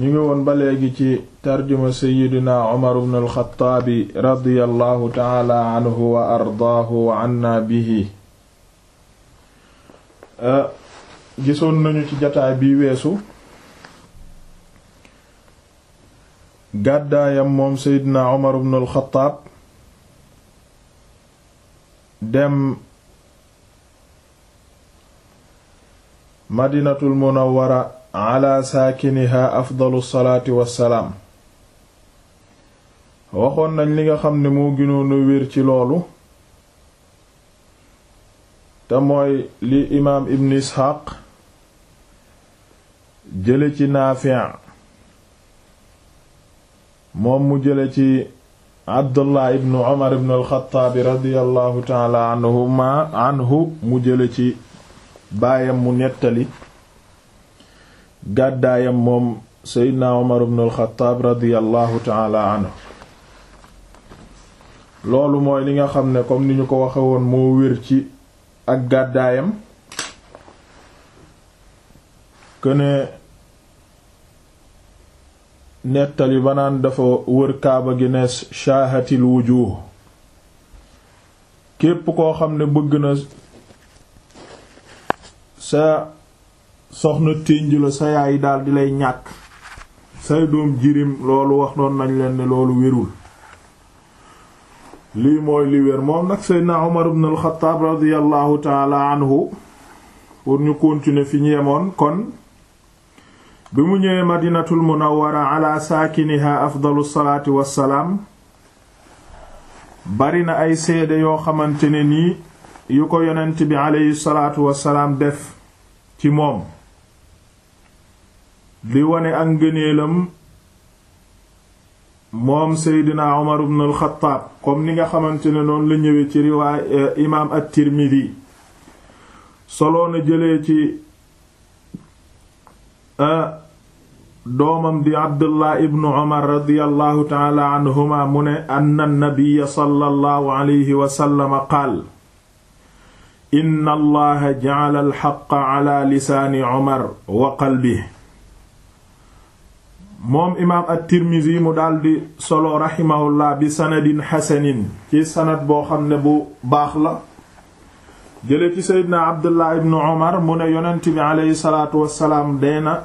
ñu ngi woon ba léegi ci tarjuma seyyidina Umar ibn al-Khattaab radiyallahu ta'ala wa ardaahu wa anna bihi euh, gisoon nañu ci jataay bi weesu gàddaayam moom seydina Umar ibn al-Khattab dem Madinatul Munawwara ala saakiniha afdalu salaati wassalaam waxoon nañ li nga xam ne moo gënoon a wér ci loolu te mooy li imaam ibn isxaaq jële ci naafi' moom mu jële ci abdullah ibn umar ibn alxataabi radiallahu taala anhuma mu jële ci baayam mu nettali gàddaayam moom seydna Umar ibn al-Khattab radiyallahu taala anhu loolu mooy li nga xam ne comme ni ñu ko waxe woon moo wér ci ak gàddaayam këne nettali banaan dafa wër kaaba gi ne shaahatil wujuh képp koo xam ne bëgg na sa soxna ténj la sa yaay daal lay ñàkk say doom jirim loolu wax doon nañ leen ne loolu wérul lii mooy li wér moom nag seydna Umar ibn al-Khattab radiyallahu anhu pour ñu continuer fi ñu kon bi mu ñëwee madinatul munawwara ala saakiniha afdalu salaati wassalaam bari na ay seede yoo xamante ne nii yu ko yonent bi aleyhi salaatu wassalaam def ci moom di wane ak ngëneelam moom seydina umar ibn alxataab comme ni nga xamante ne noonu la ñëwee ci riwaay eh, imaam at-tirmidi soloona jëlee ci eh, doomam di abdullah ibnu umar radiyallahu taala anhuma mu ne anna nabiyya sallallahu alayhi wa sallam qaal inna allaha ja'ala alxaqa ala lisaani umar wa qalbihi moom imaam at-Tirmizi mu daldi solo raximahullah bi sanadin xasanin ci sanad boo xam ne bu baax la jële ci seydna abdullah ibnu omar mu ne yonent bi aleyhi salaatu wassalaam deena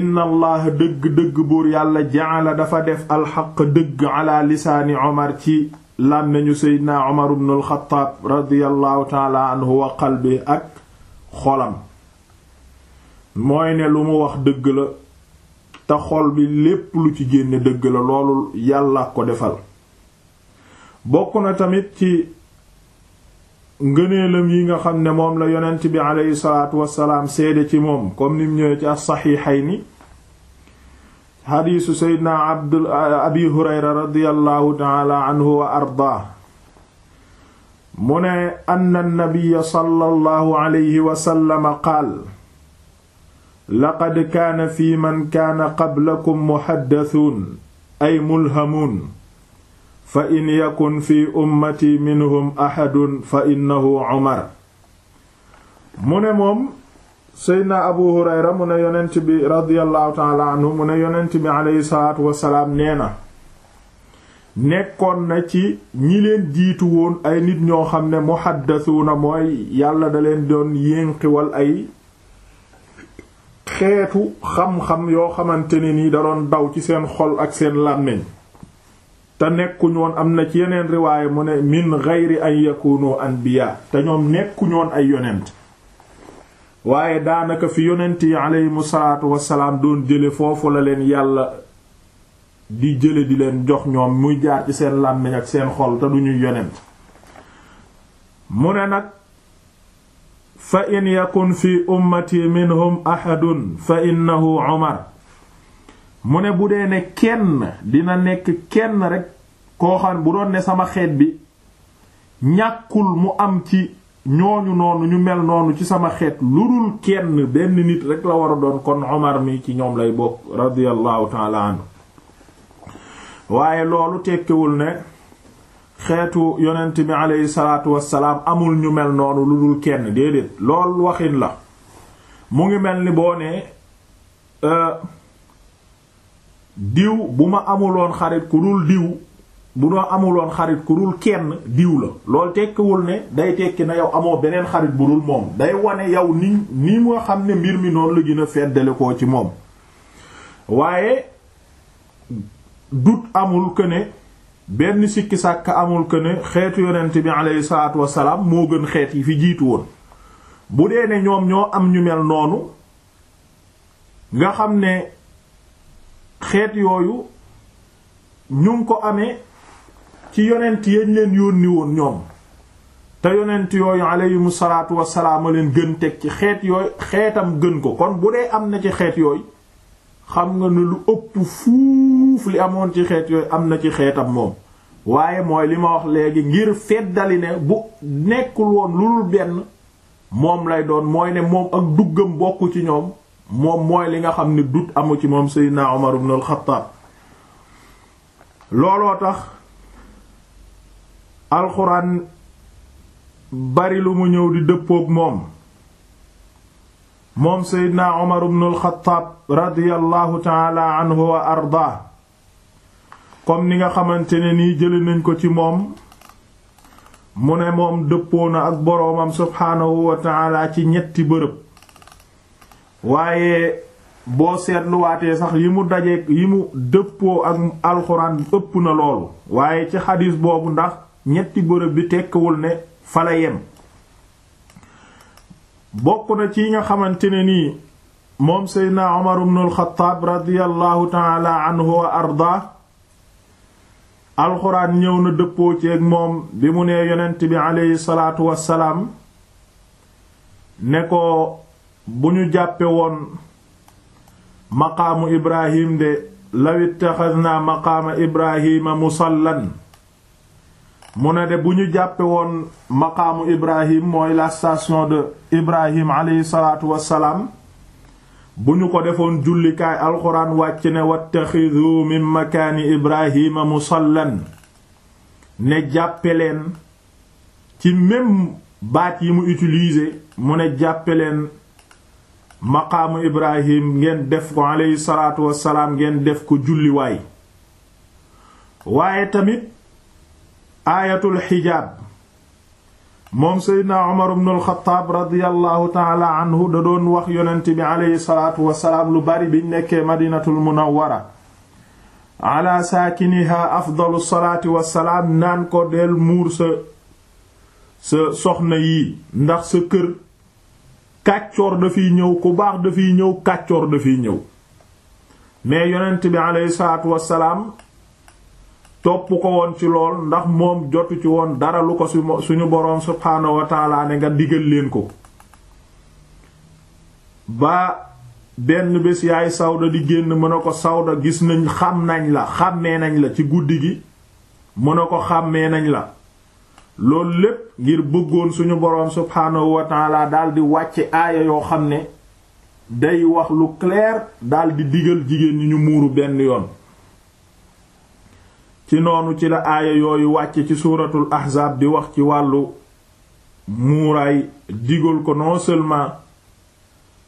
inna allaha dëgg-dëgg buur yàlla jaala dafa def alxaq dëgg ala lisaani omar ci lam nañu seydna omar ibnu alxataab radiallahu taala anhu wa qalbi ak xolam mooy ne lu mu wax dëgg la te xol bi lépp lu ci génne dëgg la loolu yàlla ko defal bokk na tamit ci ngëneelam yi nga xam ne moom la yonent bi aleyhi seede ci moom comme nim ñëwee ci as-saxiixayni xadiisu seydna abdul abi hurayra radiyallahu taala anhu wa ardaa mu ne anna nabiya sallallahu alayhi wa qaal laqad kaana fi man kaana qablakum muhaddasuun ay mulhamuun fa in yakun fi ummati minhum ahadun fa innahu mu ne moom seydna abu hurayra mu yonent bi radiallahu taala anhu mu ne yonent bi aleyhi salaatu wasalaam nee na nekkoon na ci ñi leen jiitu woon ay nit ñoo xam ne muhaddasuuna mooy yàlla da leen doon yénqiwal ay xeetu xam-xam yoo xamante ne nii da doon daw ci seen xol ak seen làmmiñ te nekkuñu woon am na ci yeneen riwaaya mu ne min gayri an yakunu te ñoom nekkuñu woon ay yonent waaye daanaka fi yonent yi aleyhimu salaatu wasalaam doon jële foofu la leen yàlla di jële di leen jox ñoom muy jaar ci seen làmmiñ ak seen xol te duñuy yonent mu ne nag fa in yakun fi ummati minhum ahadun fa innahu na mu ne bu dee ne kenn dina nekk kenn rekk koo xam bu doon ne sama xeet bi ñàkkul mu am ci ñooñu noonu ñu mel noonu ci sama xeet lu dul kenn benn nit rekk la war a doon kon omar mi ci ñoom lay bokk radiyallahu taala waaye loolu tekkiwul ne xeetu yonent bi aleyhi wassalaam amul ñu mel noonu lu dul kenn déedéet lool waxin la mu ngi mel ni boo ne euh, diw bu ma amuloon xarit ku dul diw bu ma amuloon xarit ku dul kenn diw la loolu tekkiwul ne day tekki na yow amoo beneen xarit bu dul moom day wone yow ni ni nga xam ne mbir mi noonu la gën feddale koo ci moom waaye dut amul que ne benn sikki sàkk amul que ne xeetu yonent bi aleyhi salaatu wasalaam moo gën xeet yi fi jiitu woon bu dee ne ñoom ñoo am ñu mel noonu nga xam ne xeet yooyu ñu ko amee ci yonent yañ leen yónni woon ñoom te yonent yooyu aleyhimu salaatu wasalaam a leen gën teg ci xeet yooyu xeetam gën ko kon bu dee am na ci xeet yooyu xam nga ne lu ëpp fuu fuuf li amoon ci yooyu am na ci xeetam moom waaye mooy li ma wax léegi ngir feddali ne bu benn moom lay doon mooy ne bokk ci ñoom moom li nga xam ne ci moom Seydina Omar ibn al-Khattab looloo tax alxuraan bari lu mu ñëw di dëppook moom moom Seydina Omar ibn al-Khattab radiyallahu ta'ala anhu ardaa comme ni nga xamante ne nii jëli nañ ko ci moom mu ne moom dëppoo na ak boroomam subhaanahu wa ci ñetti bërëb waaye boo seetluwaatee sax yi mu dajee yi mu dëppoo ak alxuraan ëpp na loolu waaye ci xadiis boobu ndax ñetti bërëb bi tekkiwul ne fala yem bokk na ci nga xamante ne nii moom seydna Umar ibn al-Xattaab radiyallahu taala anhu wa arda alxuraan ñëw na dëppoo ci ak moom bi mu nee yonent bi aleyhi salaatu wassalaam ne ko bu ñu jàppe woon maqaamu ibrahim de law ittaxadnaa maqaama ibrahima musallan mu ne de bu ñu jàppe woon maqaamu ibrahim mooy la station de ibrahim aleyhi salaatu wassalaam bu ñu ko defoon jullikaay alxuraan wàcc ne wattaxidu min makaani ibrahima musallan ne jàppe leen ci même baat yi mu utilisé mu ne jàppe leen maqaamu ibrahim ngeen def ko aleyhi salaatu wassalaam ngeen def ko julliwaay waaye tamit aayatul xijaab moom seydna Umar ibn al-Khattab radiyallahu da doon wax yonent bi aleyhi salaatu wasalaam lu bari biñ nekkee madinatul munawwara ala saakiniha afdalu salaati wasalaam naan ko del muur sa soxna yi ndax sa kër kàccoor dafiy ñëw ku baax dafiy ñëw kàccoor dafiy ñëw mais yonent bi aleyhi salaatu wasalaam topp ko woon ci lool ndax moom jotu ci woon dara lu ko suñu boroom subhaanahu wa taala ne nga digal leen ko ba benn bés yaay sawda di génn mën a ko sawda gis nañ xam nañ la xàmmee nañ la ci guddi gi mën a ko xàmmee nañ la loolu lépp ngir bëggoon suñu boroom subhaanahu wa taala daldi wàcce aaya yoo xam ne day wax lu clair daldi digal jigéen ñi ñu muuru benn yoon ci noonu ci la aaya yooyu wàcc ci suuratul ahzaab di wax ci wàllu muuraay digal ko non seulement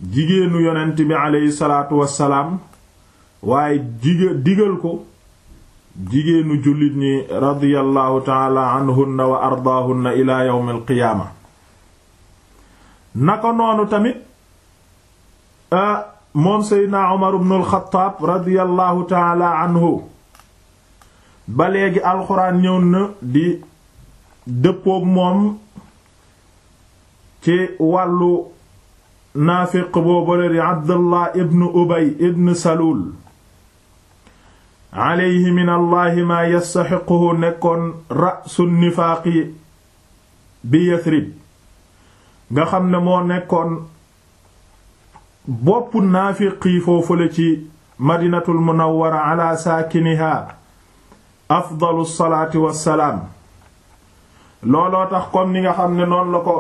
jigéenu yonent bi aleyhi salaatu wassalaam waaye diga digal ko jigéenu jullit ñi radiyallahu taala anhunna wa ardaahunna ila yawm al qiyaama naka noonu tamit ah, moom seydna umar ibn al radiyallahu taala anhu ba léegi alxuraan ñëw na di dëppoog moom ci wàllu naafiq boobale di abdullah ibn ubay ibn salul aleyhi min allahi yastaxiquhu nekkoon rasu nifaaqi bi yasrib nga xam ne moo nekkoon bopp naafiqi foofu la ci madinatul munawwara ala saakiniha afdalu salaati wassalaam looloo tax comme ni nga xam ne noonu la ko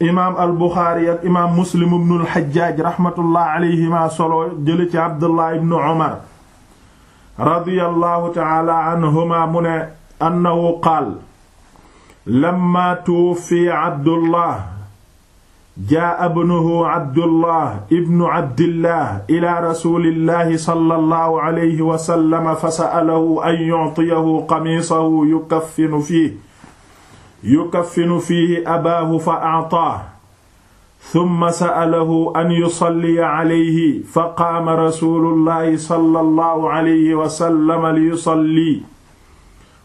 imaam al buxaari ak imaam muslim ibnu al xajjaaj raxmatullah alayhima solo jële ci abdullah ibnu omar radiyallahu taala anhuma mu ne annahu qaal lamma tuwuffiya abdullah jaa ibnuhu abdullah ibnu abdillah ila rasulillahi sallallahu alayhi wa sallam fa sa'alahu an yu'tiyahu qamiisahu yukaffinu fiihi yukaffinu fiihi abaahu fa a'taahu thumma sa'alahu an yusalliya alayhi fa qaama rasulillahi sallallahu alayhi wa sallam liyusalli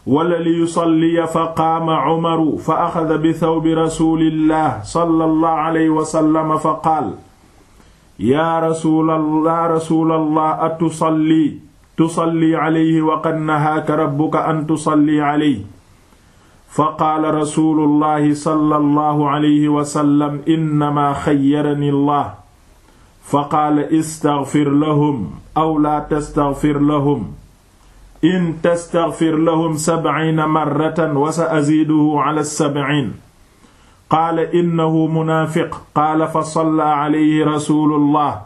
wala li yusalliya fa qaama umaru fa axada bi thawbi rasulillah sallallahu alayhi wa sallam fa qaal yaa rasuulallah atusalli tusalli alayhi wa qad nahaaka rabbuka an tusalli alayhi fa qaala rasuulullahi sallallahu alayhi wa sallam innamaa xayyarani allah fa qaala istaghfir lahum aw laa tastaghfir lahum in tastaghfir lahum sab'iina marratan wa sa aziiduhu ala sab'iin qaala innahu munaafiq qaala fa salla alayhi rasuulullah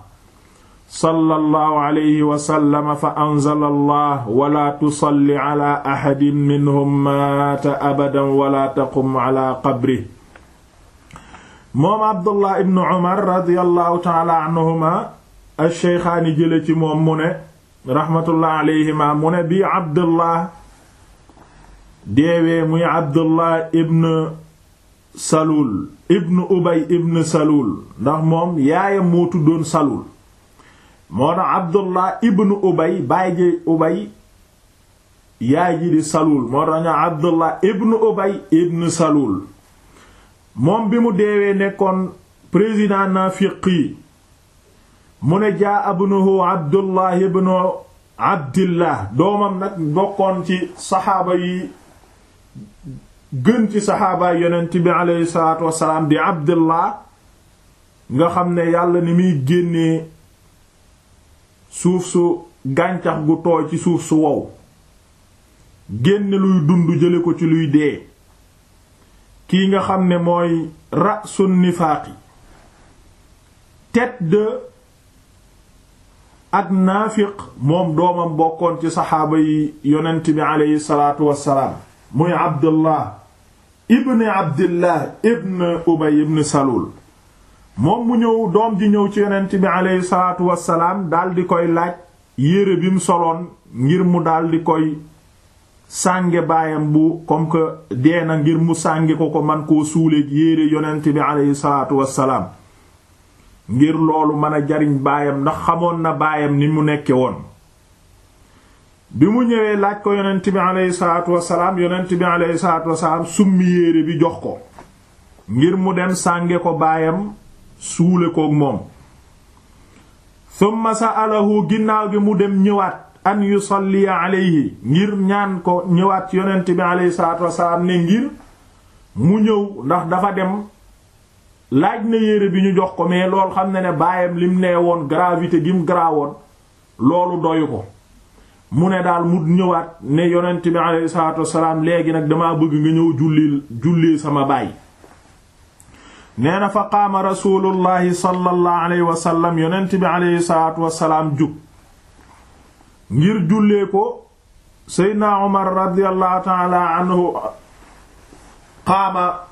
sallallahu alayhi wa sallam fa anzala allah wala tusalli ala ahadin minhum maata abadan wala taqum ala qabrih moom abdullah ibn umar radiyallahu ta'ala anhuma ash-shaykhaani jële ci moom mu ne rahmatullah alayhima mu ne bii abdullah deewee muy abdullah ibn salul ibn ubay ibn salul ndax moom yaayam moo tuddoon salul moo tax abdullah ibn ubay baay ji ubay yaay ji di salul moo tax ñoo abdullah ibn ubay ibn salul moom bi mu deewee nekkoon président naafiq yi mu ne jaa abnuhu abdullah ibnu abdillah doomam nag bokkoon ci saxaaba yi gën ci saxaaba yonent bi aleyhi salaatu wasalaam di abdillah nga xam ne yàlla ni muy génnee suuf su gàncax gu tooy ci suuf su wow génne luy dund jële ko ci luy dee kii nga xam ne mooy rasul nifaaqi tête de ak naafiq moom doomam bokkoon ci saxaaba yi yonent bi aleyhi salaatu wassalaam muy abdullah ibn abdillah ibn ubay ibn salul moom mu ñëw doom ji ñëw ci yonent bi aleyhi salaatu wassalaam daldi koy laaj yére bi mu soloon ngir mu daldi koy sànge baayam bu comme que dee na ngir mu sànge ko ko man koo suuleeg yére yonent bi aleyhi salaatu wassalaam ngir loolu mën a jariñ baayam ndax xamoon na baayam ni mu nekke woon bi mu ñëwee laaj ko yonent bi aleyhi salaatu wasalaam yonent bi aleyhi salaatu wasalaam summi yéere bi jox ko ngir mu dem sànge ko baayam suule koog moom summa sa'alahu ginnaaw gi mu dem ñëwaat an yusalliya aleyhi ngir ñaan ko ñëwaat yonent bi aleyhi salaatu wasalaam ne ngir mu ñëw ndax dafa dem laaj na yére bi ñu jox ko mais lool xam ne ne baayam lim nee woon gravité gi mu garaawoon loolu doyu ko mu ne daal mu ñëwaat ne yonent bi alayhi salaatu wassalaam léegi nag damaa bëgg nga ñëw julli julli sama baay nee na fa qaama rasulullahi sallallahu wa sallam yonent bi alayhi ngir jullee ko seydna Umar radiyallahu ta'ala anhu qaama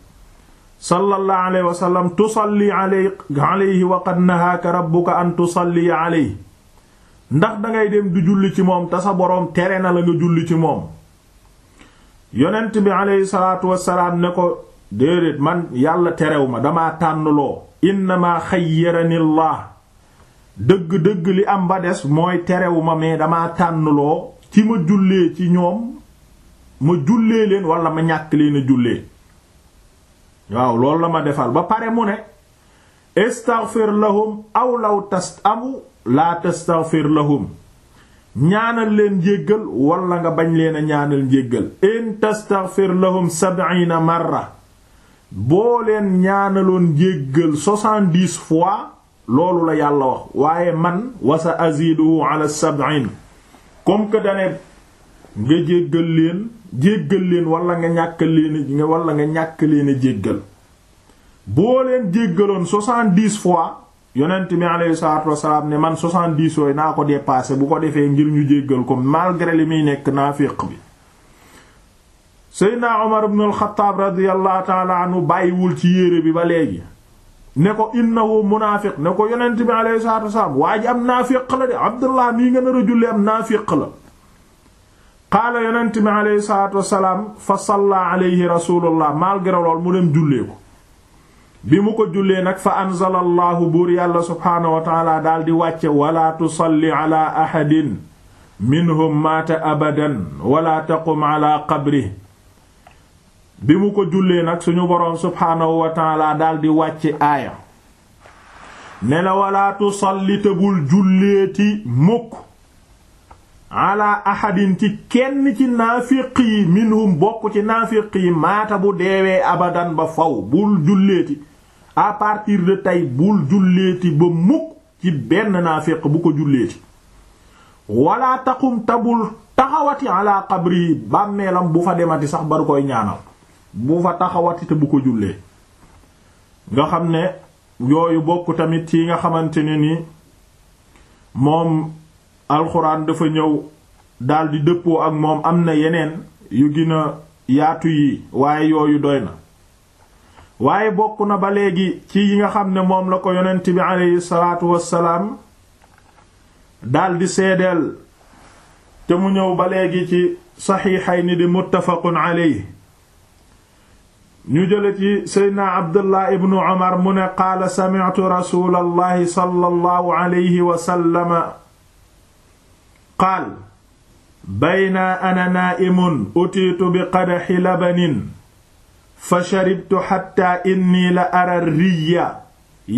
sallallahu alayhi wa sallam tusalli alayhi wa qad nahaaka rabbuka an ndax dangay dem du julli ci moom te sa boroom tere na la nga julli ci moom yonent bi alayhi salaatu wassalaam ne ko déedéet man yàlla terewu ma dama tànnloo innamaa xayyarani llah dëgg-dëgg li am ba des mooy terewu ma mais dama tànnloo ci ma jullee ci ñoom ma jullee leen wala ma ñàkk leen a jullee waaw loolu la ma defal ba pare mu ne istaghfir lahum aw tas amu laa tastaghfir lahum ñaanal leen njéggal wala nga bañ leen a ñaanal njéggal in tastaghfir lahum sab'ina marra boo leen ñaanaloon njéggal soixante fois loolu la yàlla wax waaye man wasa aziduhu ala sab'in comme que nga jéggal leen jéggal leen wala nga ñàkk leen nga ñàkk leen a jéggal boo leen jéggaloon fois yonent mi alayhi salaatu wasalaam ne man soixante-dix yooyu naa ko dépassé bu ko defee ngir ñu jéggal ko malgré li muy nekk naafiq bi seydna Omar ibn al-Khattab radiyallahu bàyyiwul ci yére bi ba léegi ne ko innahu munaafiq ne ko yonent bi alayhi salaatu wasalaam waa ji am naafiq la de Abdullah mii nga a julli am naafiq la qaala yonent bi aleyhi salaatu wasalaam fa salla aleyhi rasulullah malgré lool mu dem jullee ko bi mu ko jullee nag fa anzala allaahu buur yàlla subhaanahu wa taala daal di wàcce wala tusalli ala ahadin minhum maata abadan wala taqum ala qabri bi mu ko jullee nag suñu boroom subhaanahu wa taala daal di wàcce aaya ne na tusalli te julleeti mukk ala ahadin ci kenn ci naafiq yi minhum bokk ci naafiq yi maata bu deewee abadan ba faw bul julleeti à partir de tey bul julleeti ba mukk ci benn naafiq bu ko julleeti wala taqum tabul taxawati ala qabri bàmmeelam bu fa demati sax baru koy ñaanal bu fa taxawati te bu ko jullee nga xam ne yooyu bokk tamit ci nga xamante ne ni moom alxuraan dafa ñëw daldi dëppoo ak moom am na yeneen yu gën a yaatu yi waaye yooyu doy na waaye bokk na ba léegi ci yi nga xam ne moom la ko yonent bi aleyhi salaatu wassalaam daldi seedeel te mu ñëw ba léegi ci saxiixay ni di muttafaqun aleyhi ñu jële ci seydna abdullah ibnu omar mu ne qaala sami'tu rasuulallahi sallallahu alayhi wa qaal baynaa ana naa'imun utiitu bi qadaxi labanin fa sharibtu xatta inni la ara riya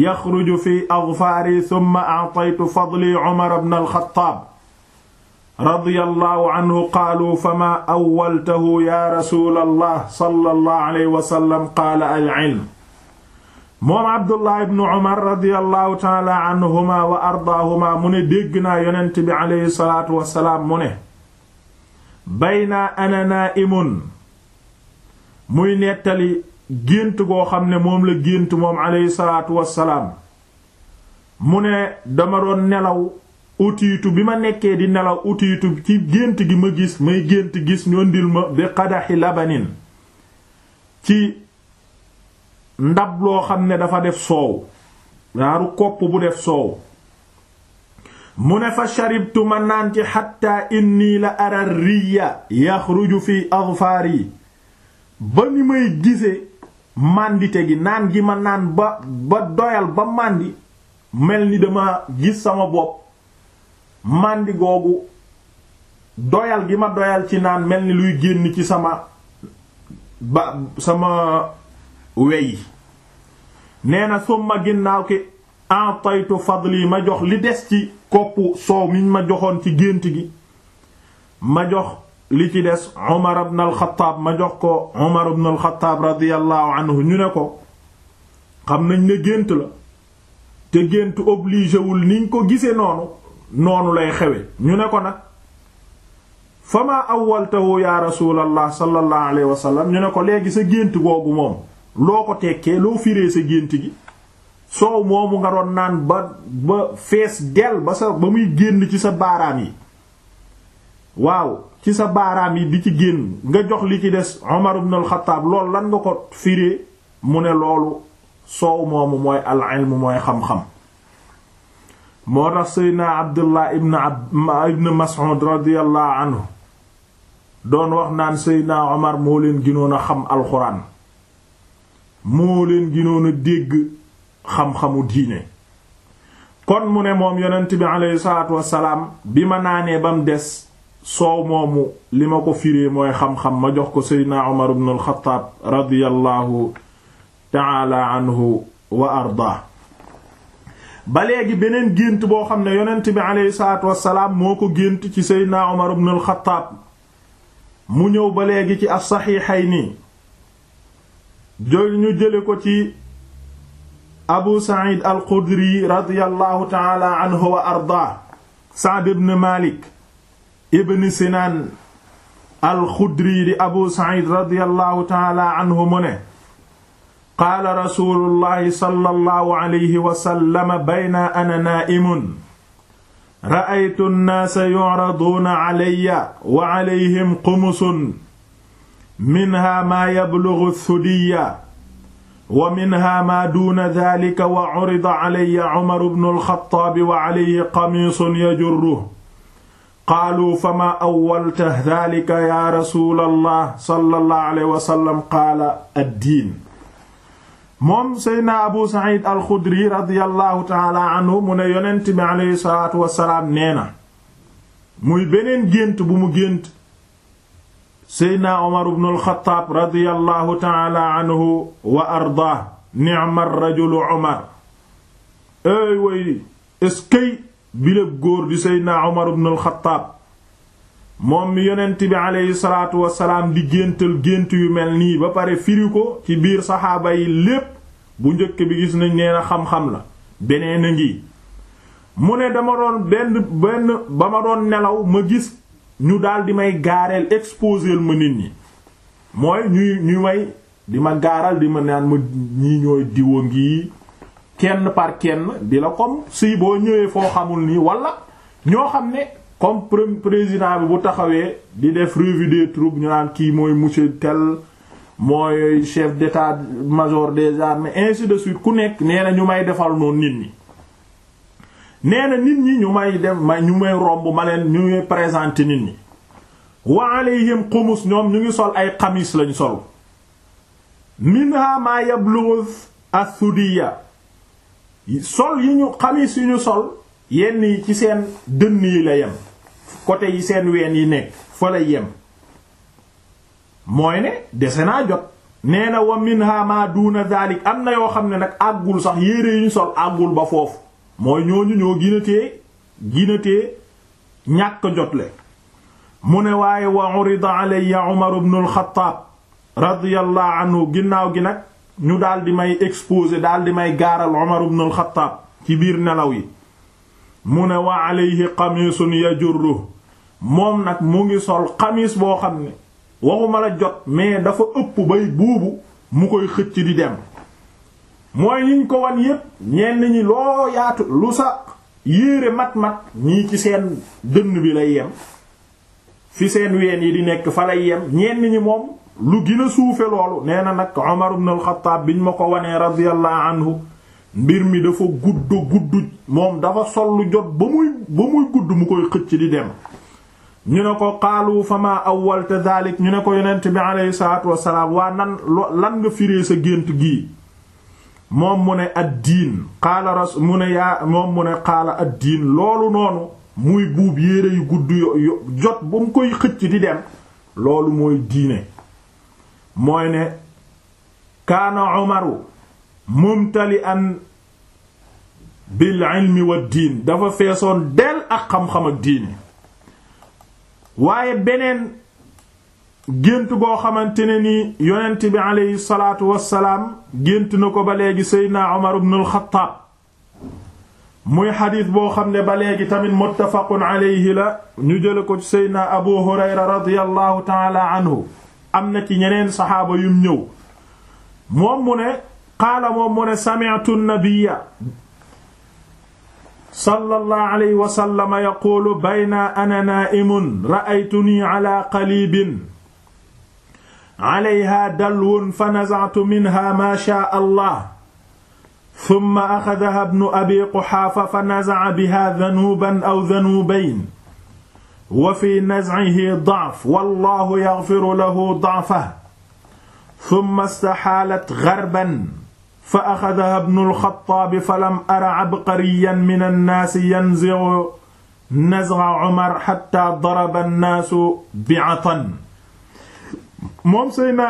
yaxruju fi adfaari summa actaytu fadli cumar bn alxataab radiyallahu anhu qaalu famaa awwaltahu yaa rasuulallah sallallahu alayhi wa sallam qaala alcilm moom abdullah ibnu umar radiallahu taala anhuma wa ardaahuma mu ne dégg naa yonent bi aleyhi salaatu wasalaam mu ne baynaa ana naaimun muy nettali gént goo xam ne moom la gént moom aleyhi salaatu wasalaam mu ne dama doon nelaw utiitu bi ma nekkee di nelaw utiitu ci gént gi ma gis may gént gis ñu ndil ma bi qadaxi labanin ci ndab loo xam ne dafa def soow waaru kopp bu def soow mu ne fa sharibtu ma naan ci xatta inni la ara riya yaxruju fi adfaar yi ba ni may gise màndite gi naan gi ma naan ba ba doyal ba màndi mel ni dama gis sama bopp màndi googu doyal gi ma doyal ci naan mel ni luy génn ci sama ba sama wey nee na summa ginnaaw ki entaytu fadli ma jox li des ci koppu soow miñ ma joxoon ci gént gi ma jox li ci des Umar ibn al-Khattab ma jox ko Umar ibn radiyallahu anhu ñu ne ko xam nañ ne gént la te gént obligé wul niñ ko gisee noonu noonu lay xewe ñu ne ko nag fama awwaltahu ya rasulallah sallallahu alayhi wa sallam ñu ne ko léegi sa gént googu moom loo ko tekkee loo firee sa gént gi soow moomu nga doon naan ba ba fees gel ba sa ba muy génn ci sa baaraam yi waaw ci sa baaraam yi di ci génn nga jox li ci des Omar ibn al-Khattab lan nga ko firee mu ne loolu soow moomu mooy al-ilm mooy xam-xam moo tax seydna Abdullah ibn ibn Mas'ud radiyallahu doon wax naan seydna Omar moo leen ginoon a xam alxuraan moo leen ginoon a dégg xam-xamu diine kon mu ne moom yonent bi aleyhi salaatu wasalaam bi ma naanee ba mu des soow moomu li ma ko firee mooy xam-xam ma jox ko seydina Umar ibn al-Khattab radiyallahu taala anhu wa arda ba léegi beneen gént boo xam ne yonent bi aleyhi salaatu wasalaam moo ko gént ci seydina Umar ibn al mu ñëw ba léegi ci as-Sahihayni jooy ñu jële ko ci abu sa'id al-xudri radiyallahu ta'ala anhu wa ardaa sa'd ibn malik ibn sinaan alxudri di abu sa'id radiyallahu ta'ala anhu mu ne qaala rasulullahi sallallahu alayhi wa sallam bayna ana naa'imun ra'aytu an-naasa yu'raduuna alayya wa alayhim qumusun minha maa yablughu thudiya wa minha maa duuna dhalika wa urida alayya Umar ibn al-Khattab wa alayhi qamiisun yajurruhu qaalu famaa awwalta dhalika yaa rasuulallah sallallahu alayhi wa sallam qaala ad-diin moom Seydina Abu Saïd al-Khudri radiyallahu ta'ala anhu mu ne yonent bi alayhi salaatu wa salaam nee na muy beneen gént bu mu gént seydna omar bnu alxataab radiallahu taala anhu wa ardaah ni'ma rajulu omar éy way eskey biléb góor di seydna omar bnu alxataab moom mi yonent bi aleyhi salaatu di géntal gént yu mel nii ba pare firi ko ci biir saxaaba yi lépp bu njëkk bi gis nañ nee na xam-xam la beneen a ngi mu ne dama doon benn benn ba ma doon nelaw ma gis ñu daal di may gaareel exposer ma nit ñi mooy ñuy ñu may di ma gaaral di ma naan ma ñii ñooy diwa ngi kenn par kenn di la comme si boo ñëwee foo xamul nii wala ñoo xam ne comme président bi bu taxawee di def revue des troupes ñu naan kii mooy monsieur tel mooy chef d'état-major des armées ainsi de suite ku nekk nee na ñu may defal noonu nit ñi nee na nit ñi ñu may dem ma ñu may romb ma leen ñu ñuy présenter nit ñi wa alayhim xumus ñoom ñu ngi sol ay xamis lañu sol minha ma yablughu as-sudiyya sol yi ñu xamis yi ñu sol yenn yi ci seen dënn yi la yem côté yi seen ween yi nekk fa la yem mooy ne dese naa jot nee na wa minha ma duna dalik am na yoo xam ne nag àggul sax yére yu ñu sol àggul ba foofu mooy ñooñu ñoo ginatee ginatee ñàkk jotle mu ne waaye wa urida ya Umar ibn al-Khattab radiyallahu anhu ginnaaw gi nag ñu daldi may expose daal di may gaaral Umar ibn al ci biir nelaw yi mu ne wa alayhi qamisun yajurru moom nag mu ngi sol xamis boo xam ne waxuma la jot mais dafa ëpp bay buubu mu koy xëcc di dem mooy yiñ ko wan yépp ñenn ñi loo yaatu lu sa yéere mat-mat ñii ci seen dënn bi lay yem fi seen ween yi di nekk fa lay yem ñenn ñi moom lu gin a suufe loolu nee na nag Umar ibn al-Khattab biñ ma ko wanee radiyallahu mbir mi dafa gudd gudd moom dafa sol lu jot ba muy gudd mu koy xëcc di dem ñu ne ko xaalu fama awwalta dalik ñu ne ko yonent bi alayhi salaatu wassalaam waa nan lan nga fire sa gént gii moom mu ne addiin qaala ras mu ne yaa moom mu ne qaala addiin loolu noonu muy buub yére yu gudd yo jot ba mu koy xëcc di dem loolu mooy diine mooy ne kaana umaru mumtali an bil ilmi wa diin dafa feesoon del ak xam-xam ak diine waaye beneen gént goo xamante ne ni yonent bi aleyhi salaatu wassalaam gént na ko ba léegi seydna Umar ibn al-Khattab muy xadiis boo xam ne ba léegi tamit muttafaqun aleyhi ñu jële ko ci seydna Abu Hurayra radiyallahu taala anhu am na ci ñeneen saxaaba yum ñëw moom mu ne qaala moom mu ne sami'tu an-nabiyya sallallahu alayhi bayna ana naa'imun ra'aytuni ala qalibin alayha dalwun fa naza'tu minha ma shaa allah summa axadaha ibnu abi quxaafa fa naza'a biha danuuban aw danuubayn wa fi naz'ihi da'f wallahu yaghfiru lahu da'fahu summa istaxaalat garban fa axadaha ibnu alxattaabi fa lam ara abqariyan min annaasi yanzi'u naz'a umar xatta daraba annaasu bi'atan moom Seydina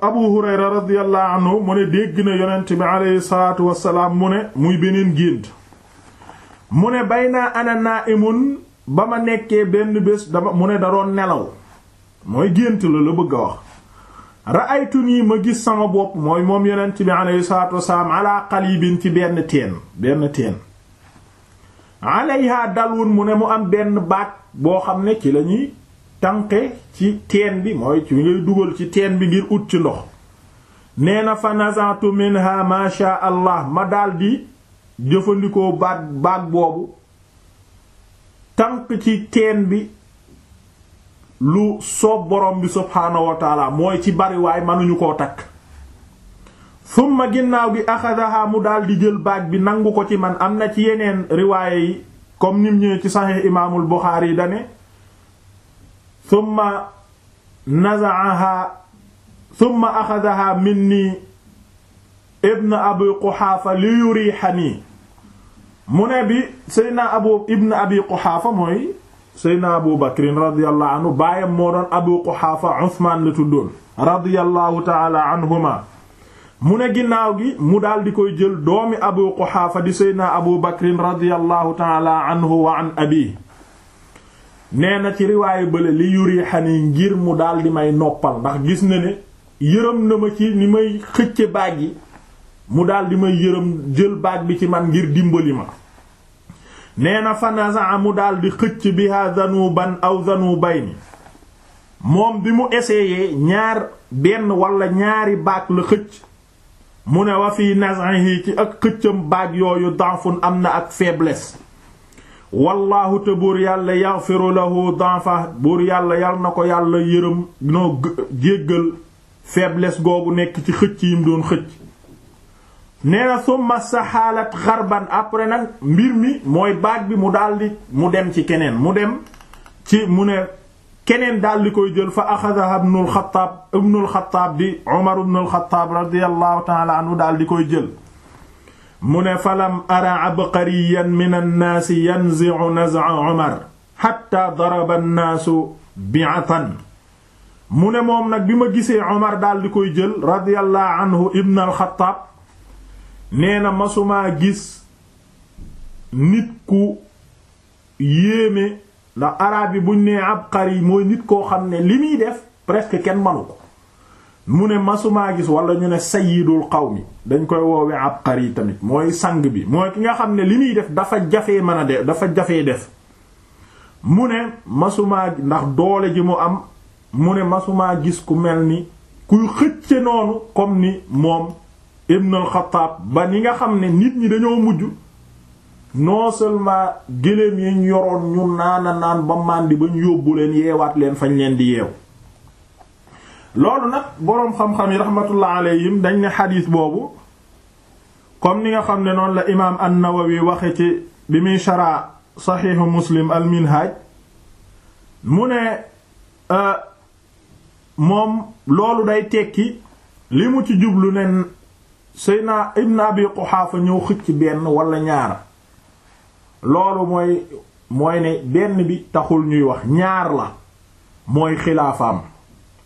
Abu Hurayra radiyallahu anhu mu ne dégg na yonent bi aleyhi salaatu mu ne muy beneen mu ne bay ba ma nekkee benn bés dama mu ne nelaw mooy gént la la bëgg a wax ra'aytu ma gis sama bopp mooy moom yonent bi aleyhi salaatu wassalaam ala qalibin ci benn teen benn teen alayha dalwun am benn baat boo xam ne ci lañuy tànqe ci teen bi mooy ci ngay dugal ci teen bi ngir ut ci ndox nee na fa nazantu minha ma sha allah ma daldi jëfandikoo baag baag boobu tànq ci teen bi lu soob borom bi subhaanahu wa mooy ci bariwaay mënuñu koo takk summa ginnaaw gi axadaha mu daldi jël baag bi nangu ko ci man am na ci yeneen riwaayé yi comme nim ñëwee ci saxiix imaamul Buxaari dane thumma naza'aha thumma axadaha minni ibn abi quxaafa li yurihani mu ne bi seydna abu ibn abi quxaafa mooy seydna abu bakrin radiallahu anhu baayam moo doon abu quxaafa usmaan la tuddoon radiallahu taala anhuma mu ne ginnaaw gi mu daal di koy jël doomi abu quxaafa di seydna abu bakrin radiallahu taala anhu wa an abi nee na ci riwaayu bële li yuri xani ngir mu daldi may noppal ndax gis na ne yërëm na ma ci ni may xëcce baag yi mu daldi may yërëm jël baag bi ci man ngir dimbali ma nee na fa nazaa mu daal di xëcc biha zanuban aw zanubayni moom bi mu essayé ñaar benn wala ñaari baag la xëcc mu ne wa fii nazihi ci ak xëccam baag yooyu danfun am na ak faiblesse wallaahu buur yàlla yaxfiru lahu danfa buur yàlla yal na ko yàlla yërëm noo jéggal faiblesse googu nekk ci xëcc yim doon xëcc nee na summa saxaalat xarban après nag mbir mi mooy baag bi mu daldi mu dem ci keneen mu dem ci mu ne keneen daldi koy jël fa axadaha ibnul xataab ibnul xataab di Umar ibnul xataab radiyallahu ta'ala daldi koy jël mu ne falam ara abqariyan min annaasi yanzi'u naz'a umar xatta daraba annaasu bi'atan mu ne moom nag bi ma gisee omar dal di koy jël radiyallahu anhu ibn alxataab nee na masumaa gis nit ku yéeme ndax araab yi buñ nee abqari mooy nit koo xam ne li muy def presque kenn manu mu ne masumaa gis wala ñu ne xaw mi dañ koy woowee abqari tamit mooy sang bi mooy ki nga xam ne li muy def dafa jafee mën a def dafa jafee def mu ne masumaa ndax doole ji mu am mu ne masumaa gis ku mel ni kuy xëcce noonu comme ni moom ibn al ba ni nga xam ne nit ñi dañoo mujj non seulement gëléem yañ yoroon ñu naan a naan ba màndi ba ñu yóbbu leen yeewaat leen fañ leen di yeew loolu na boroom xam-xam yi rahmatullah alayhim dañ ne xadiis boobu comme ni nga xam ne noonu la imaam an-Nawawi waxe ci bi muy sharaa saxiixu muslim al-minhaj mu ne euh, moom loolu day tekki li mu ci jublu ne Seyna Ibn Abi Quhaafa ñëw xëcc benn walla ñaar loolu mooy mooy ne benn bi taxul ñuy wax ñaar la mooy xilaafaam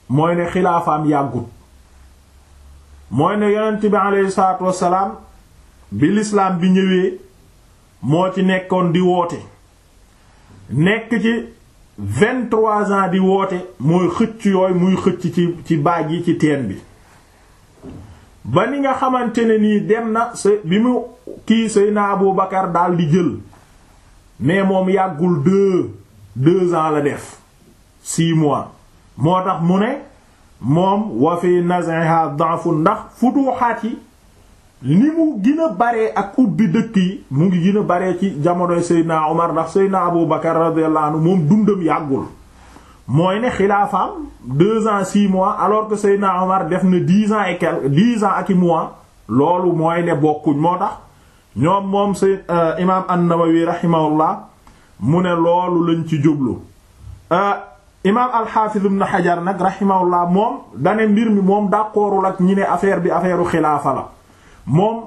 mooy ne xilaafaam yàggut mooy ne yonent bi aleyhi salaatu wassalaam bi lislaam bi ñëwee moo ci nekkoon di woote nekk ci vingt-trois di woote mooy xëcc yooyu muy xëcc ci ci baaj yi ci teen bi ba ni nga xamante ne nii dem na sa bi mu kii Seydina Abu Bakar daal di jël mais moom yàggul deux deux ans la def six mois moo tax mu ne moom wa fi naz'iha da'fu ndax futuxaat yi ni mu gën baree ak ubbi dëkk yi mu ngi gën a baree ci jamonoy Seydina Omar ndax Seydina Abu Bakar radiyallahu anhu moom dundam yàggul mooy ne xilaafaam deux ans mois alors que Seydina Omar def na dix ans et ak i mois loolu mooy ne bokkuñ moo tax ñoom moom Seyd euh, imaam an-Nawawi mu ne loolu lañ ci jublu euh, imaam alxaafiz na xajar nag rahimahullah moom dane mbir mi moom d'accordul ak ñi ne affaire bi affaire u xilaafa la moom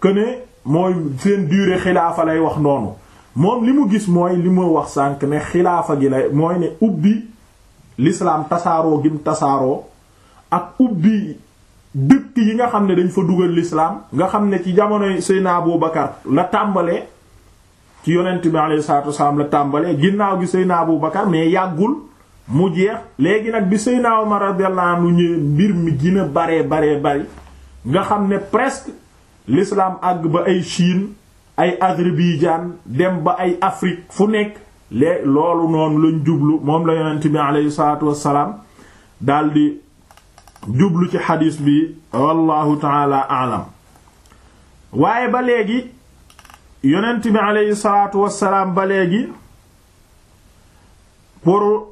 que ne mooy seen durée xilaafa lay wax noonu moom li mu gis mooy li mu wax sànq ne xilaafa gi lay mooy ne ubbi lislaam tasaaroo gim tasaaroo ak ubbi dëkk yi nga xam ne dañ fa dugal lislaam nga xam ne ci jamonoy Seydina Abu Bakar la tàmbalee ci yonent bi alayhi salaatu wasalaam la tàmbalee ginnaaw gi Seydina Abu Bakar mais yàggul mu jeex léegi nag bi Seydina Omar radiyallahu anhu ñëwee mbir mi gën a baree bari nga xam ne presque lislaam àgg ba ay Chine ay Azerbaïdjan dem ba ay Afrique fu nekk léegi loolu noonu lañ jublu moom la yonent bi aleyhi salaatu wassalaam daldi jublu ci xadiis bi wallahu taala alam waaye ba léegi yonent bi aleyhi salaatu wassalaam ba léegi pour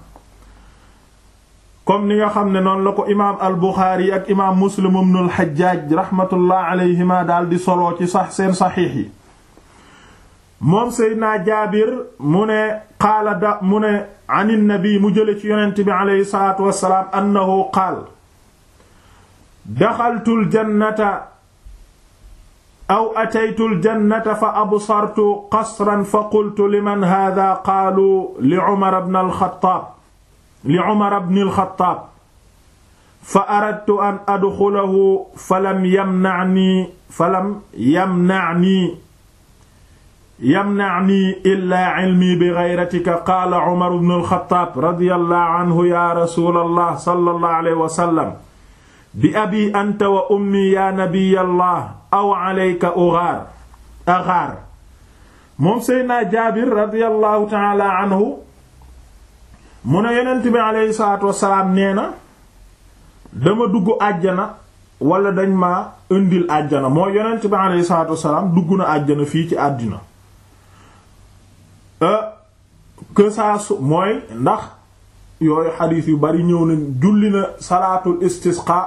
comme ni nga xam ne noonu la ko imaam al buxaari ak imaam muslim ibn al xajjaaj rahmatullah alayhima daal di soloo ci sax seen saxiix yi moom seydna jaabir mu ne qaala da mu ne an innabi mu jële ci yonent bi aleyhi salaatu wassalaam annahu qaal daxaltu ljannata aw ataytu ljannata fa absartu qasran fa qultu liman hada qaalu li umar ibn al xattaab li Umar ibn al-Khattab fa aradtu an adxulahu falam yamna'ni falam yamna'ni yamna'ni illaa ilmi bi ghayratika qaala Umar ibn al-Khattab radiyallahu anhu ya rasulallah sallallahu alayhi wa sallam bi abi anta wa ummi ya nabiyallah aw alayka ugaar agaar moom Seydina Jaabir radiyallahu ta'ala anhu mu ne yonent bi aleyhi salaatu wassalaam nee na dama dugg àjjana wala dañ ma indil àjjana moo yonent bi aleyhi salaatu wassalaam dugg na àjjana fii ci àddina euh, que ça mooy ndax yooyu xadiis yu bari ñëw na julli na salaatul istisqa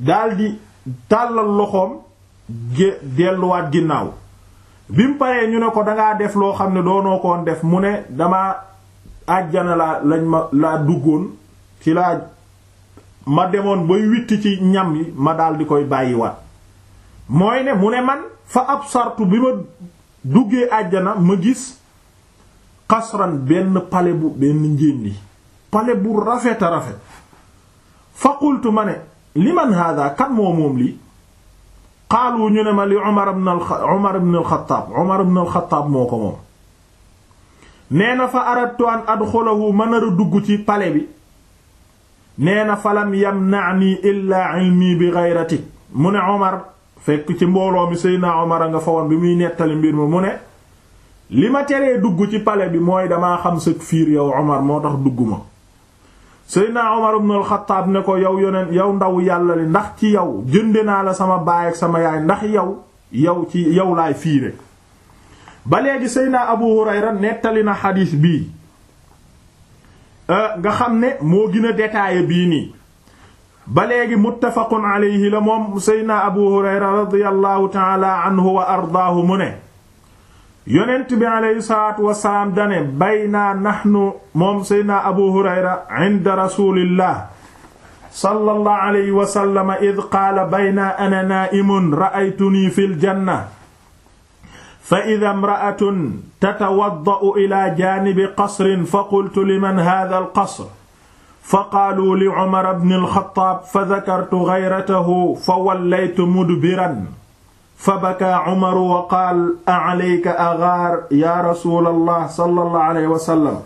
daldi tàllal loxoom delluwaat ginnaaw bi mu paree ñu ne ko danga def loo xam ne doonoo koon def mu ne dama àjjana laa lañ ma laa duggoon ci laa ma demoon bay witti ci ñam yi ma daal di koy bàyyiwaat mooy ne mu ne man fa ab sartu bi ma duggee àjjana ma gis xasran benn pale bu benn njéndi pale bu rafet a rafet fa qultu ma ne liman hada kan moo moom lii xaalu ñu ne ma li Umar ibn Umar ibn al-Khattab Umar ibn moo ko moom nee na fa aradtu an adxulahu ma nar a dugg ci pale bi nee na falam yamna'ni illaa ilmi bi ghayratik mu ne Umar fekk ci mbooloo mi Seydina Umar a nga fa woon bi muy nettali mbir mi mu ne li ma teree dugg ci pale bi mooy dama xam sëg fiir yow Umar moo tax dugg ma Seydina Omar ibn al-Khattab ko yow yonen yow ndaw yàlla ndax ci yow jënde naa la sama baay ak sama yaay ndax yow yow ci yow laay fiire ba léegi Seydina Abu Hurayra nettali na xadiis bii euh, nga xam ne moo gën a bii nii ba léegi muttafaqun alayhi la moom Seydina Abu Hurayra radiyallahu ta'ala anhu wa ardaahu mu ne yonent bi aleyhi salaatu wasalaam dane baynaa nahnu moom seydna abu hurayra inda rasulillah sallallahu alayhi wa sallam id qaala baynaa ana naa'imun ra'aytunii fil janna fa idaa imra'atun tatawadda'u ilaa jaanibi qasrin faqultu liman haadha alqasr faqaaluu li umar ibn alxattaab fa dakartu gayratahu fa wallaytu mudbiran fa bakaa umaru wa qaal alayka agaar ya rasulallah sallallahu alayhi wa sallam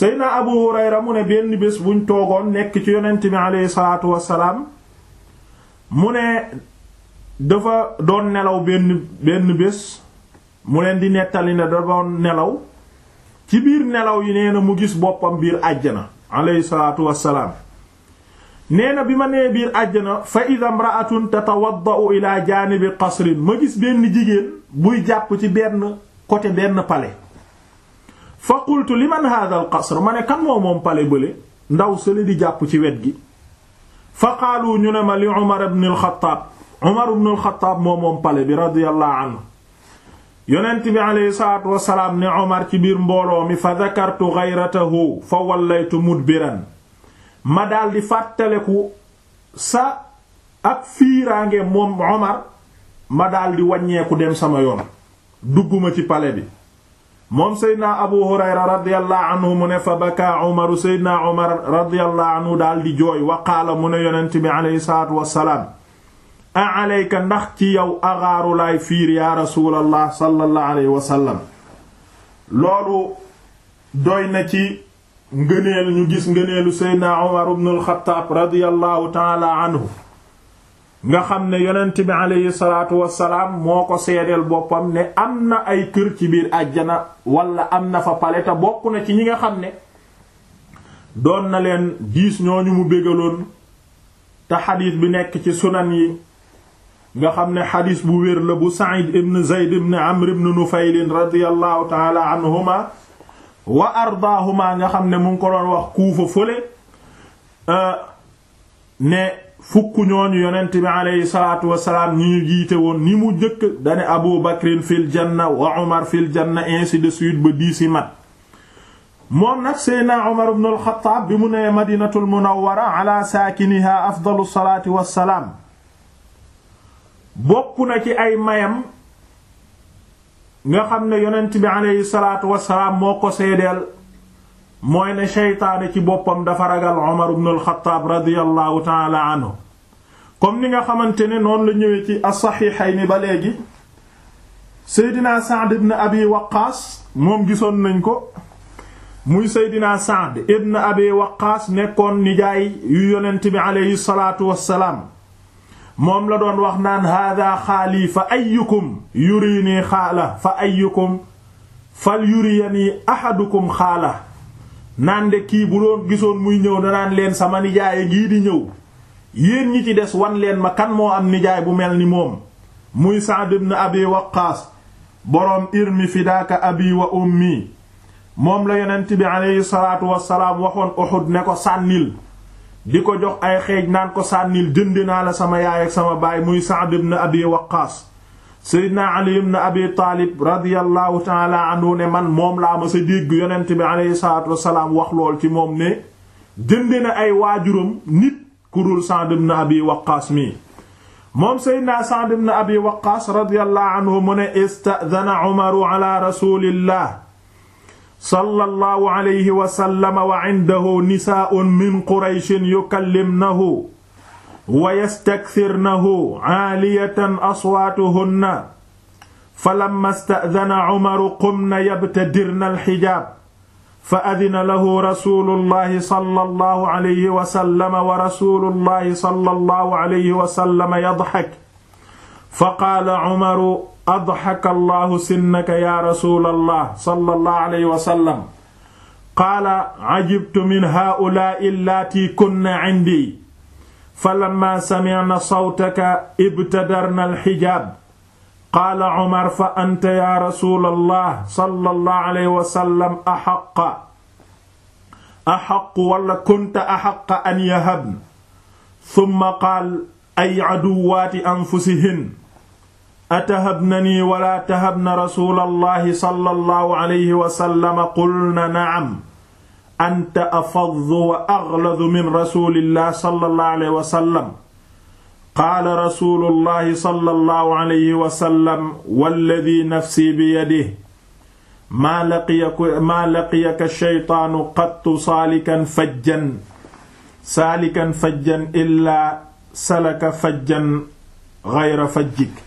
seydna abu hurayra mu ne benn buñ toogoon nekk ci yonent bi aleyhi salaatu mu ne dafa doon nelaw benn benn bés mu leen di nettali ne da doon nelaw ci biir nelaw yi nee na mu gis boppam biir àjjana aleyhi salaatu wasalaam nee bi ma nee biir àjjana fa ida imraatun tatawaddau ila janibi qasrin ma gis benn jigéen buy jàpp ci benn côté benn palais fa qultu liman hadha al qasr ma ne kan moo moom palais bële ndaw sële di jàpp ci wet gi fa qaalu ñu ne ma li umar ibn al xattaab umar ibn al xattaab moo moom palais bi radiyallahu anhu yonent bi aleyhi salaatu wasalaam umar ci biir mbooloo mi fa dhakartu ghayratahu fa wallaytu mudbiran ma daldi fàttaleku sa ak fiiraange moom Omar ma daldi wàññeeku dem sama yoon dugguma ci pale bi moom seydna abu hurayra radiyallahu mu ne fa daldi jooy wa qaala mu ne yonent aleyhi salaatu wassalaam a aleyka ndax ci yow agaaru laay fiir yaa rasuulallah sallallahu alayhi loolu doy na ci ngëneel ñu gis ngëneelu seydna Umar ibn al-Khattab radiyallahu anhu nga xam ne yonent bi aleyhi salaatu wassalaam moo ko seedeel boppam ne am na ay kër ci biir àjjana walla am na fa paleta bokk na ci ñi nga xam ne doon na leen diis ñooñu mu bégaloon te xadiis bi nekk ci sunan yi nga xam ne xadiis bu wér la bu Sa'id ibn Zayd ibn Amr ibn Nufayl radiyallahu taala anhuma wa ardaahuma nga xam ne mu ngi ko doon wax kuufa fële euh, ne fukk ñooñu yonent bi aleyhi salaatu wasalaam ñu jiite woon ni mu jëkk dane abu bakrin fil janna wa umar fil janna de suite ba dii si mat moom nag umar ibn al bi mu nee madinatul munawwara ala saakiniha afdalu salaati salaam bokk na ci ay mayam nga xam ne yonent bi aleyhi salaatu wasalaam moo ko seedeel mooy ne seytaane ci boppam dafa ragal Omar ibn al comme ni nga xamante ne noonu la ñëwee ci as-Sahihayni ba léegi Seydina Sa'd ibn Abi moom gisoon nañ ko muy Seydina Sa'd ibn Abi nekkoon nijaay yu yonent bi aleyhi salaatu wasalaam moom la doon wax naan hada xaali fa ayukum yuri nii xaala fa ayukum fal yuriyani ahadukum xaala naan de kii bu doon gisoon muy ñëw danaan leen sama nijaaye ngii di ñëw yéen ñi ci des wan leen ma kan moo am nijaay bu mel ni moom muy Sa'd ibn Abi Waqqaas boroom irmi fidaaka abi wa ummi moom la yonent bi aleyhi salaatu wassalaam waxoon Uhud ne ko sànnil di ko jox ay xeej naan ko sànnil jëndi naa la sama yaay ak sama baay muy Sa'd ibn Abi Waqqaas Seydina Ali ibn Abi Taalib radiyallahu taala anhu ne man moom laa ma sa dégg yonent bi aleyhi salaatu wasalaam wax lool ci moom ne jëndi na ay waajuram nit ku dul Sa'd ibn Abi Waqqaas mii moom Seydina Sa'd ibn Abi Waqqaas radiyallahu anhu mu ne ista'dhana Umaru ala rasulillah sallallahu alayhi wa sallam wa indahu nisaa'un min qurayshin yukallimnahu wa yastakthirnahu aaliyatan aswaatuhunna falamma sta'dhana Umaru qumna yabtadirna alxijaab fa adina lahu rasuulullahi sallallahu alayhi wa sallam wa rasuulullahi sallallahu alayhi wa sallam yadhak fa qaala umaru adxaka allahu sinnaka ya rasul allah sallallahu alayhi wa sallam qaala ajibtu min haa'ulaa'i allaati kunna indi falamma sami'na sawtaka ibtadarna alxijaab qaala umar fa anta ya rasul allah sallallahu alayhi wa sallam axaqa axaqu wala kunta axaqa an yahabna summa qaal ay aduwaati anfusihin atahabnanii wala tahabna rasulallahi sallallahu alayhi wa sallam qulna na'am anta afaddu wa aghladu min rasulillah sallallahu alayhi wa sallam qaala rasulullahi sallallahu alayhi wa sallam walladhi nafsi biyadihi maa laqiyaka maa laqiyaka shaytaanu qattu saalikan fajjan saalikan fajjan illaa salaka fajjan ghayra fajjik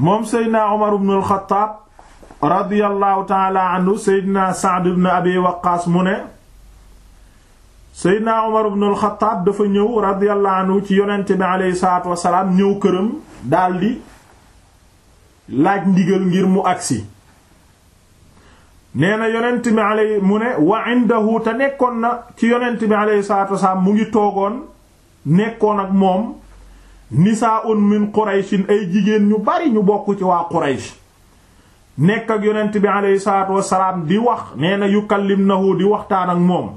moom seydna Umar ibn al-Khattab radiyallahu seydna Sa'd ibn Abi mu ne seydna Umar ibn al-Khattab dafa ñëw radiyallahu ci yonente bi aleyhi salaatu wasalaam ñëw këram daldi laaj ndigal ngir mu agsi nee na yonent bi aley mu ne wa indahu te nekkoon na ci yonent bi aleyhi salaatu wasalaam mu ngi toogoon nekkoon ak moom nisaa'un min qurayshin ay jigéen ñu bari ñu bokk ci waa quraysh nekk ak yonent bi aleyhi salaatu wasalaam di wax nee na yukallimnahu di waxtaan ak moom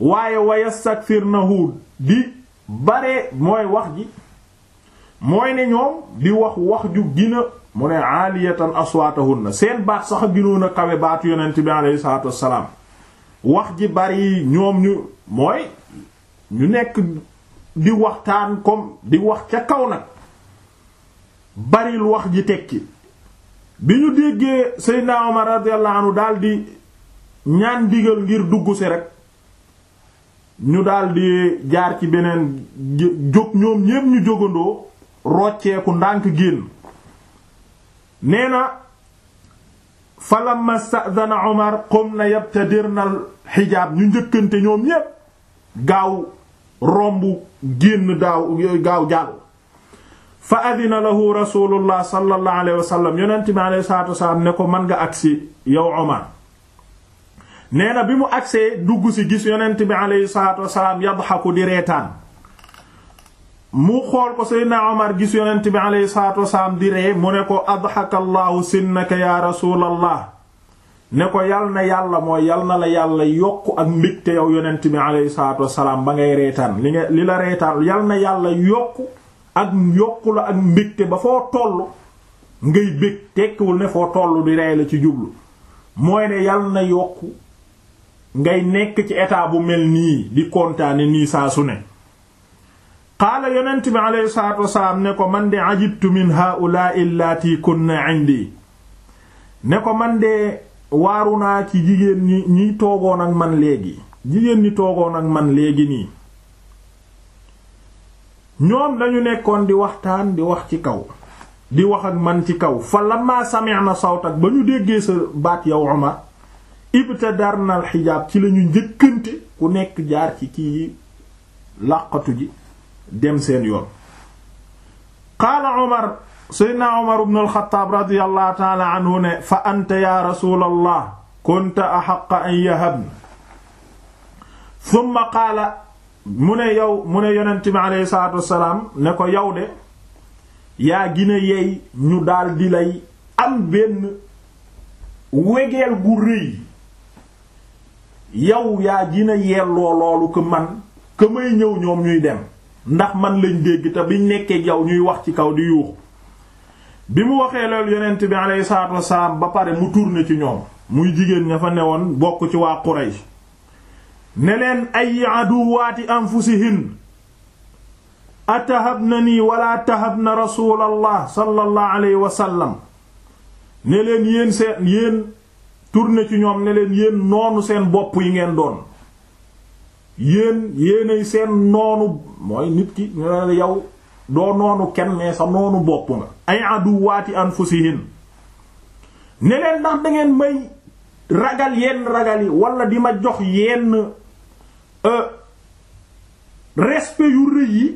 waaye wa yastakthirnahu di bare mooy wax ji mooy ne ñoom di wax wax ju gina mu ne aaliyatan aswaatahunna seen baat sax a ginoon a kawe baatu yonent bi aleyhi wax ji bari ñoom ñu mooy ñu nekk di waxtaan comme di wax ca kaw nag baril wax ji tekki bi ñu déggee Seydina Omar radiyallahu anhu daldi ñaan digal ngir dugg si rekk ñu daldi jaar ci beneen jóg ñoom ñépp ñu jógandoo rocceeku ndànk génn nee na falamma sta'dana Omar qumna yabtadirna al xijaab ñu njëkkante ñoom ñépp gaaw romb génn daaw yooyu gaaw jàll fa adina lahu rasulullah sallallahu alayhi wa sallam yonent bi alayhi ne ko mën nga agsi yow Omar nee na bi mu agsee dugg ci gis yonent bi alayhi salaatu wasalaam yadxaku di reetaan mu xool ko seydna Omar gis yonent bi alayhi salaatu wasalaam di ree mu ne ko adxaka allahu sinnaka ya rasulallah ne ko yal na yàlla mooy yal na la yàlla yokk ak mbégte yow yonent bi alayhi salaatu wassalaam ba ngay reetaan li nga li la reetaan yal na yàlla yokk ak yokk la ak mbégte ba foo toll ngay bég tekkiwul ne foo toll di rey la ci jublu mooy ne yal na yokk ngay nekk ci état bu mel nii di kontaane nii saa su ne qaala yonent bi alayhi salaatu wassalaam ne ko man de ajibtu min haa'ulaa'i allaati kunna indi ne ko man de waaru naa ci jigéen ñi ñiy toogoon ak man léegi jigéen ñi toogoon ak man léegi nii ñoom dañu nekkoon di waxtaan di wax ci kaw di wax ak man ci kaw fa lamma sami'na sawtak ba ñu déggee sa baat yow Umar ibtadarna al xijaab ci lañuy njëkkante ku nekk jaar ci kii làqatu ji dem seen yoon qaala Umar seydna umar ibn alxataab radiallahu taala anhu ne fa anta ya rasulallah kunta axaqa an yahabna thumma qaala mu ne yow mu ne yonent bi salaatu wassalaam ne ko yow de yaa gina yey ñu daal lay am benn wegeel gu rëy yow yaa gina yelloo loolu que man que ñëw ñoom ñuy dem ndax man lañ dégg te biñ nekkee yow ñuy wax ci kaw di yuux bi mu waxee loolu yonent bi aleyhi salaatu wasalaam ba pare mu tourné ci ñoom muy jigéen ña fa newoon bokk ci waa Quraysh ne leen ay aduwaati anfusihin atahabnani wala tahabna rasulallah sallallahu alayhi wa sallam ne leen yéen seen yéen tourné ci ñoom ne yéen noonu seen bopp yi ngeen doon yéen yéenay seen noonu mooy nit ki ñu yow doo noonu kenn mais sa noonu bopp nga ay aduwaati anfusihin ne leen ndax da ngeen may ragal yenn ragal yi wala di ma jox yenn euh, respect yu rëy yi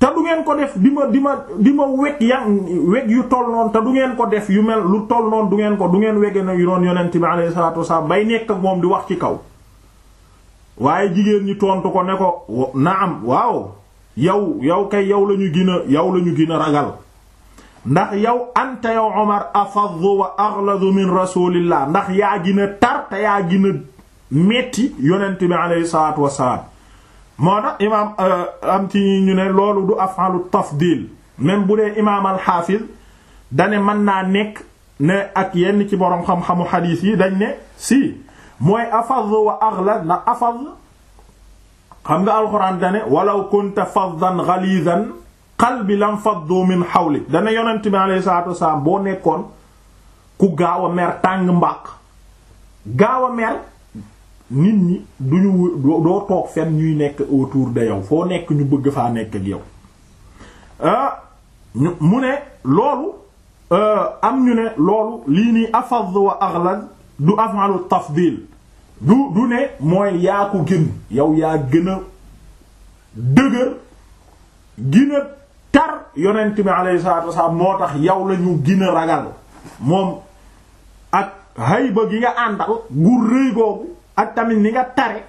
te du ngeen ko def di ma di ma di ma weg yan weg yu toll noonu te du ngeen ko def yu mel lu toll noonu du ngeen ko du ngeen wege na yu doon yonent bi alayhi salaatu wasalaam bay nekk ak moom di wax ci kaw waaye jigéen ñi tontu ko ne ko naam waaw yow yow kay yow la ñu gën a yow la ñu gën a ragal ndax yow anta yow Omar afaddu wa aghladu min rasulillah ndax yaa gina a tar te yaa gën metti yonent bi aleyhi salaatu wasalaam moo tax imaam euh, am ci ñu ne loolu du afalu tafdil même bu dee imaam alxaafiz dane mën naa nekk ne ak yenn ci borom xam-xamu xadiis yi dañ ne si mooy afaddu wa aghlad na afaddu xam nga alxuraan dane walaw kunta faddan ghalizan qalbi lam faddu min hawlik dane yonent bi alayhi boo nekkoon ku gaaw a mer tàng mbàq gaaw a mer nit ñi duñu doo toog fenn ñuy nekk autour de yow foo nekk ñu bëgg faa nekk ak yow ah, mu ne loolu ah, am ñu ne loolu lii nii afad wa aghlaz du af'alu tafdil du du ne mooy yaa ko gën yow yaa gën a dëgër gën a tar yonent bi alayhi salaatu wasalaam moo tax yow la ñu gën a ragal moom ak hayba gi nga àndal gu rëy googu ak tamit ni nga tare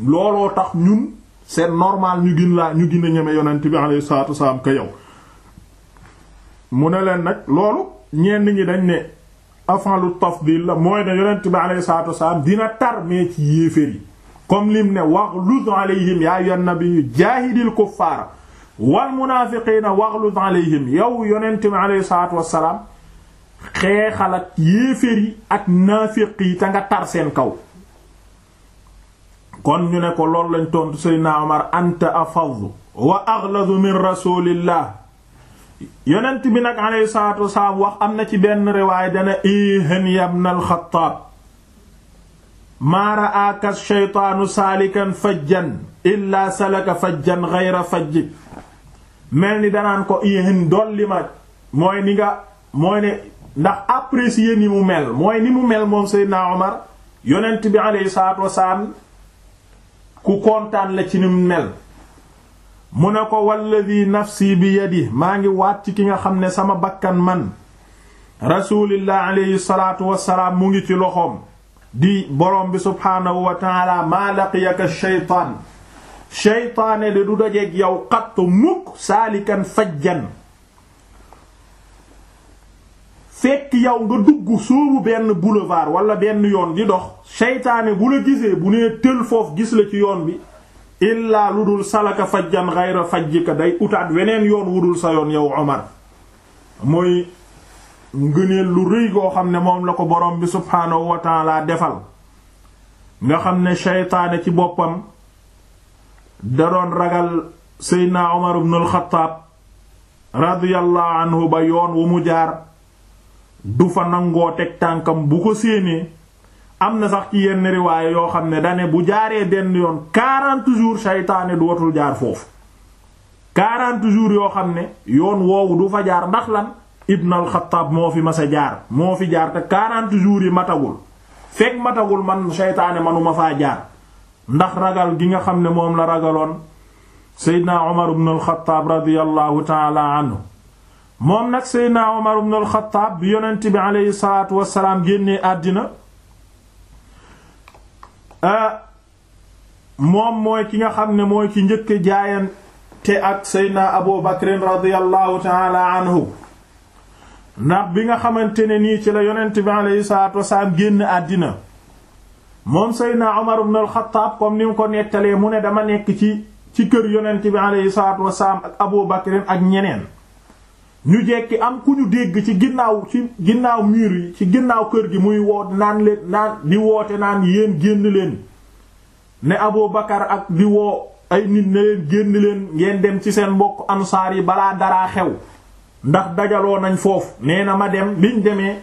looloo tax ñun c'est normal ñu gën laa ñu gën a ñeme yonent bi alayhi salaatu wasalaam ka yow mu ne leen nag loolu ñenn ñi dañ ne afalu tafdil la mooy ne yonent bi alayhi salaatu wasalaam dina tarmee ci yéeféer yi comme lim ne waghluz alayhim yaa ayyuhan nabiyyu jaahidil kuffaara wal munaafiqiina waghluz alayhim yow yonent bi alayhi salaatu wasalaam xeexal ak yéeféer yi ak naafiq yi tar seen kaw kon ñu ne ko loolu lañ tontu Seydina Omar anta afadhu wa aghlaz min rasulillah yonent bi nag wax am na ci benn riwaay dana ihan yabna alxataab maa ra'aaka shaytaanu saalikan fajjan illaa salaka fajjan gayra fajji mel ni danaan ko ihan dolli ma mooy ni nga mooy ne ndax apprécier ni mu mel moom Seydina Omar yonent bi alayhi ku kontaan la ci ni mu mel mu ne ko walladi nafsi bi yadi maa ngi waat ci ki nga xam ne sama bakkan man rasulillah alayhi salaatu wasalaam mu ngi ci loxoom di borom bi subhaanahu wa taala maa laqiyaka sheytaan sheytaane de du dajeeg yow xattu mukk saalikan fajjan fekk yow nga dugg sóobu benn boulevard wala benn yoon gi dox sheytaane bu la gisee bu nee tël foofu gis la ci yoon bi illaa lu dul salaka fajjan xayra fajjika day utaat weneen yoon wudul sa yoon yow Omar mooy ngëneel lu rëy goo xam ne moom la ko boroom bi subhaanahu wa taala defal nga xam ne sheytaane ci boppam da doon ragal seydna Omar ibn al radiyallahu ba yoon wu mu jaar du fa nangoo teg tànkam bu ko séenee am na sax ci yenn riwaay yoo xam ne dane bu jaaree denn yoon 40 jours saytaane du watul jaar foofu 40 jours yoo xam ne yoon woowu du fa jaar ndax lan Ibn al-Khattab moo fi mas a jaar moo fi jaar te 40 jours yi matagul fekk matagul man saytaane manuma faa jaar ndax ragal gi nga xam ne moom la ragaloon Seydina Omar ibn al-Khattab radiyallahu taala anhu moom nag Seydina Omar ibn al-Khattab bi yonent bi aleyhi salaatu wasalaam génnee àddina Ah, moom mooy ki nga xam ne mooy ki njëkk jaayante ak Seydina Abu Bakrin radiyallahu taala anhu ndax bi nga xamante ne nii ci la yonent bi aleyhi salaatu wasalaam génn àddina moom Seydina Umar ibn al-Khattab ni mu ko nettalee mu ne dama nekk ci ci kër yonent bi aleyhi salaatu wasalaam Abu Bakrin ak ñeneen ñu jekki am ku ñu dégg ci ginnaaw ci ginnaaw mur yi ci ginnaaw kër gi muy woo naan leen naan di woote naan yéen génn leen ne Abu Bakar ak di woo ay nit ne leen génn leen ngeen dem ci seen mbokk ansaar yi balaa daraa xew ndax dajaloo nañ foofu nee na ma dem biñ demee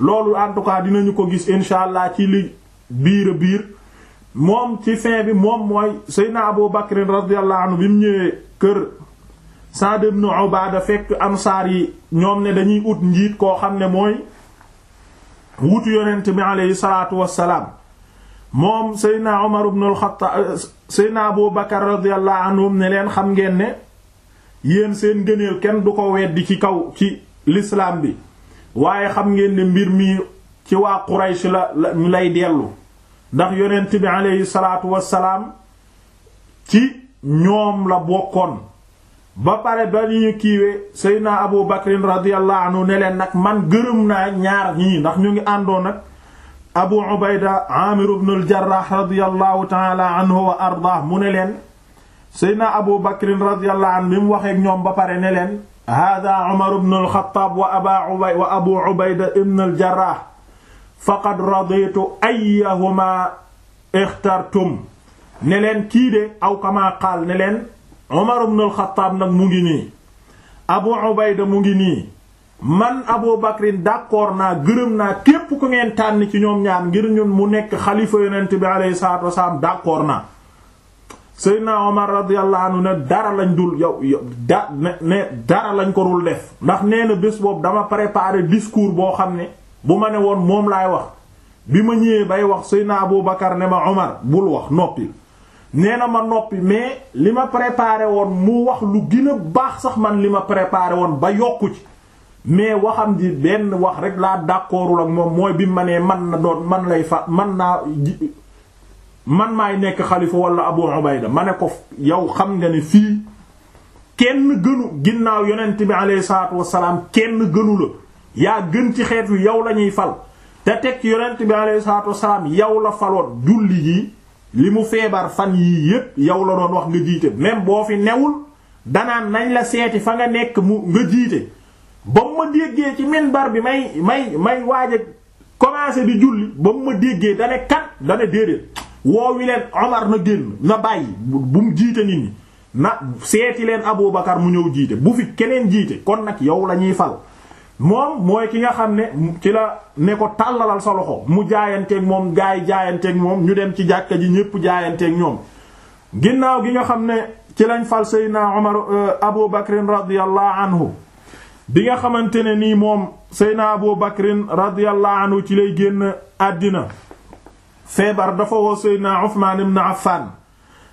loolu en tout cas dinañu ko gis incha allah ci li biir biir moom ci fin bi moom mooy Seydina Abu Bakr radiyallahu anhu bi mu ñëwee kër Saad ibn Ubaada fekk ansaar yi ñoom ne dañuy ut njiit koo xam ne mooy wutu yonent bi aleyhi salaatu wassalaam moom Seydina Omar ibn al-Khattab Seydina Abu ne leen xam ngeen ne yéen seen gëneel kenn du ko weddi ci kaw ci lislaam bi waaye xam ngeen ne mbir mi ci waa Quraysh la ñu lay dellu ndax yonent bi aleyhi salaatu wassalaam ci ñoom la bokkoon ba pare ba ñu kiiwee Seydina Abu Bakrin radiyallahu anhu ne leen nag man gërëm na ñaar ñii ndax ñu ngi àndoon nag Abu Ubayda Amir ibn jarrah radiyallahu ta'ala anhu wa ardaah mu ne leen Seydina Abu Bakrin radiyallahu anhu bi mu ñoom ba pare ne leen hada Umar ibn al wa Abu Ubayda ibn jarrah faqad raditu ayyahuma ikhtartum ne leen kii de aw kama qaal ne leen Umar ibn al-Khattab mu ngi nii Abu Ubayda mu ngi nii man Abu Bakrin d'accord naa gërëm naa képp ku ngeen tànn ci ñoom ñaar ngir ñun mu nekk xalifa yonent bi alayhi salaatu wasalaam d'accord naa Seydina Omar radiyallahu anhu ne dara lañ dul lañ ko dul def ndax nee na bés boobu dama préparer discours boo xam ne bu ma ne woon moom laay wax bi ma ñëwee bay wax Seydina Abu Bakar ne ma Omar bul wax noppil nee na ma noppi mais li ma préparé woon mu wax lu gën a baax sax man li ma préparé woon ba yokku ci mais waxam ji benn wax rek laa d'accordul ak moom mooy bi ma nee man na doon man lay fa man naa man maay nekk xalifa wala Abu Ubayda ma ne ko yow xam nga ni fii kenn gënu ginnaaw yonent bi alayhi salaatu wassalaam kenn gënu la yaa gën ci xeet wi yow la ñuy fal te teg yonent bi alayhi salaatu wassalaam yow la faloon julli yii li mu feebar fan yii yépp yow la doon wax nga jiite même boo fi newul danaan nañ la seeti fa nga nekk mu nga jiite ba mu ma déggee ci minbar bi may may may waaj commencé di julli ba mu ma déggee dane kat dane déedéet woowi leen Omar na génn na bàyyi bu mu jiite nit ñi na seeti leen Abubakar mu ñëw jiite bu fi keneen jiite kon nag yow la ñuy fal moom mooy ki nga xam ne ci la ne ko tàllalal sa mu jaayanteek moom gaay jaayanteek moom ñu dem ci jàkka ji ñépp jaayanteeg ñoom ginnaaw gi nga xam ne ci lañ fal Seydina Omar euh, Abu Bakrin radiyallahu anhu bi nga xamante ne nii moom Seydina Abu Bakrin radiyallahu anhu ci lay génn àddina feebar dafa woo Seydina Uthman ibn Affan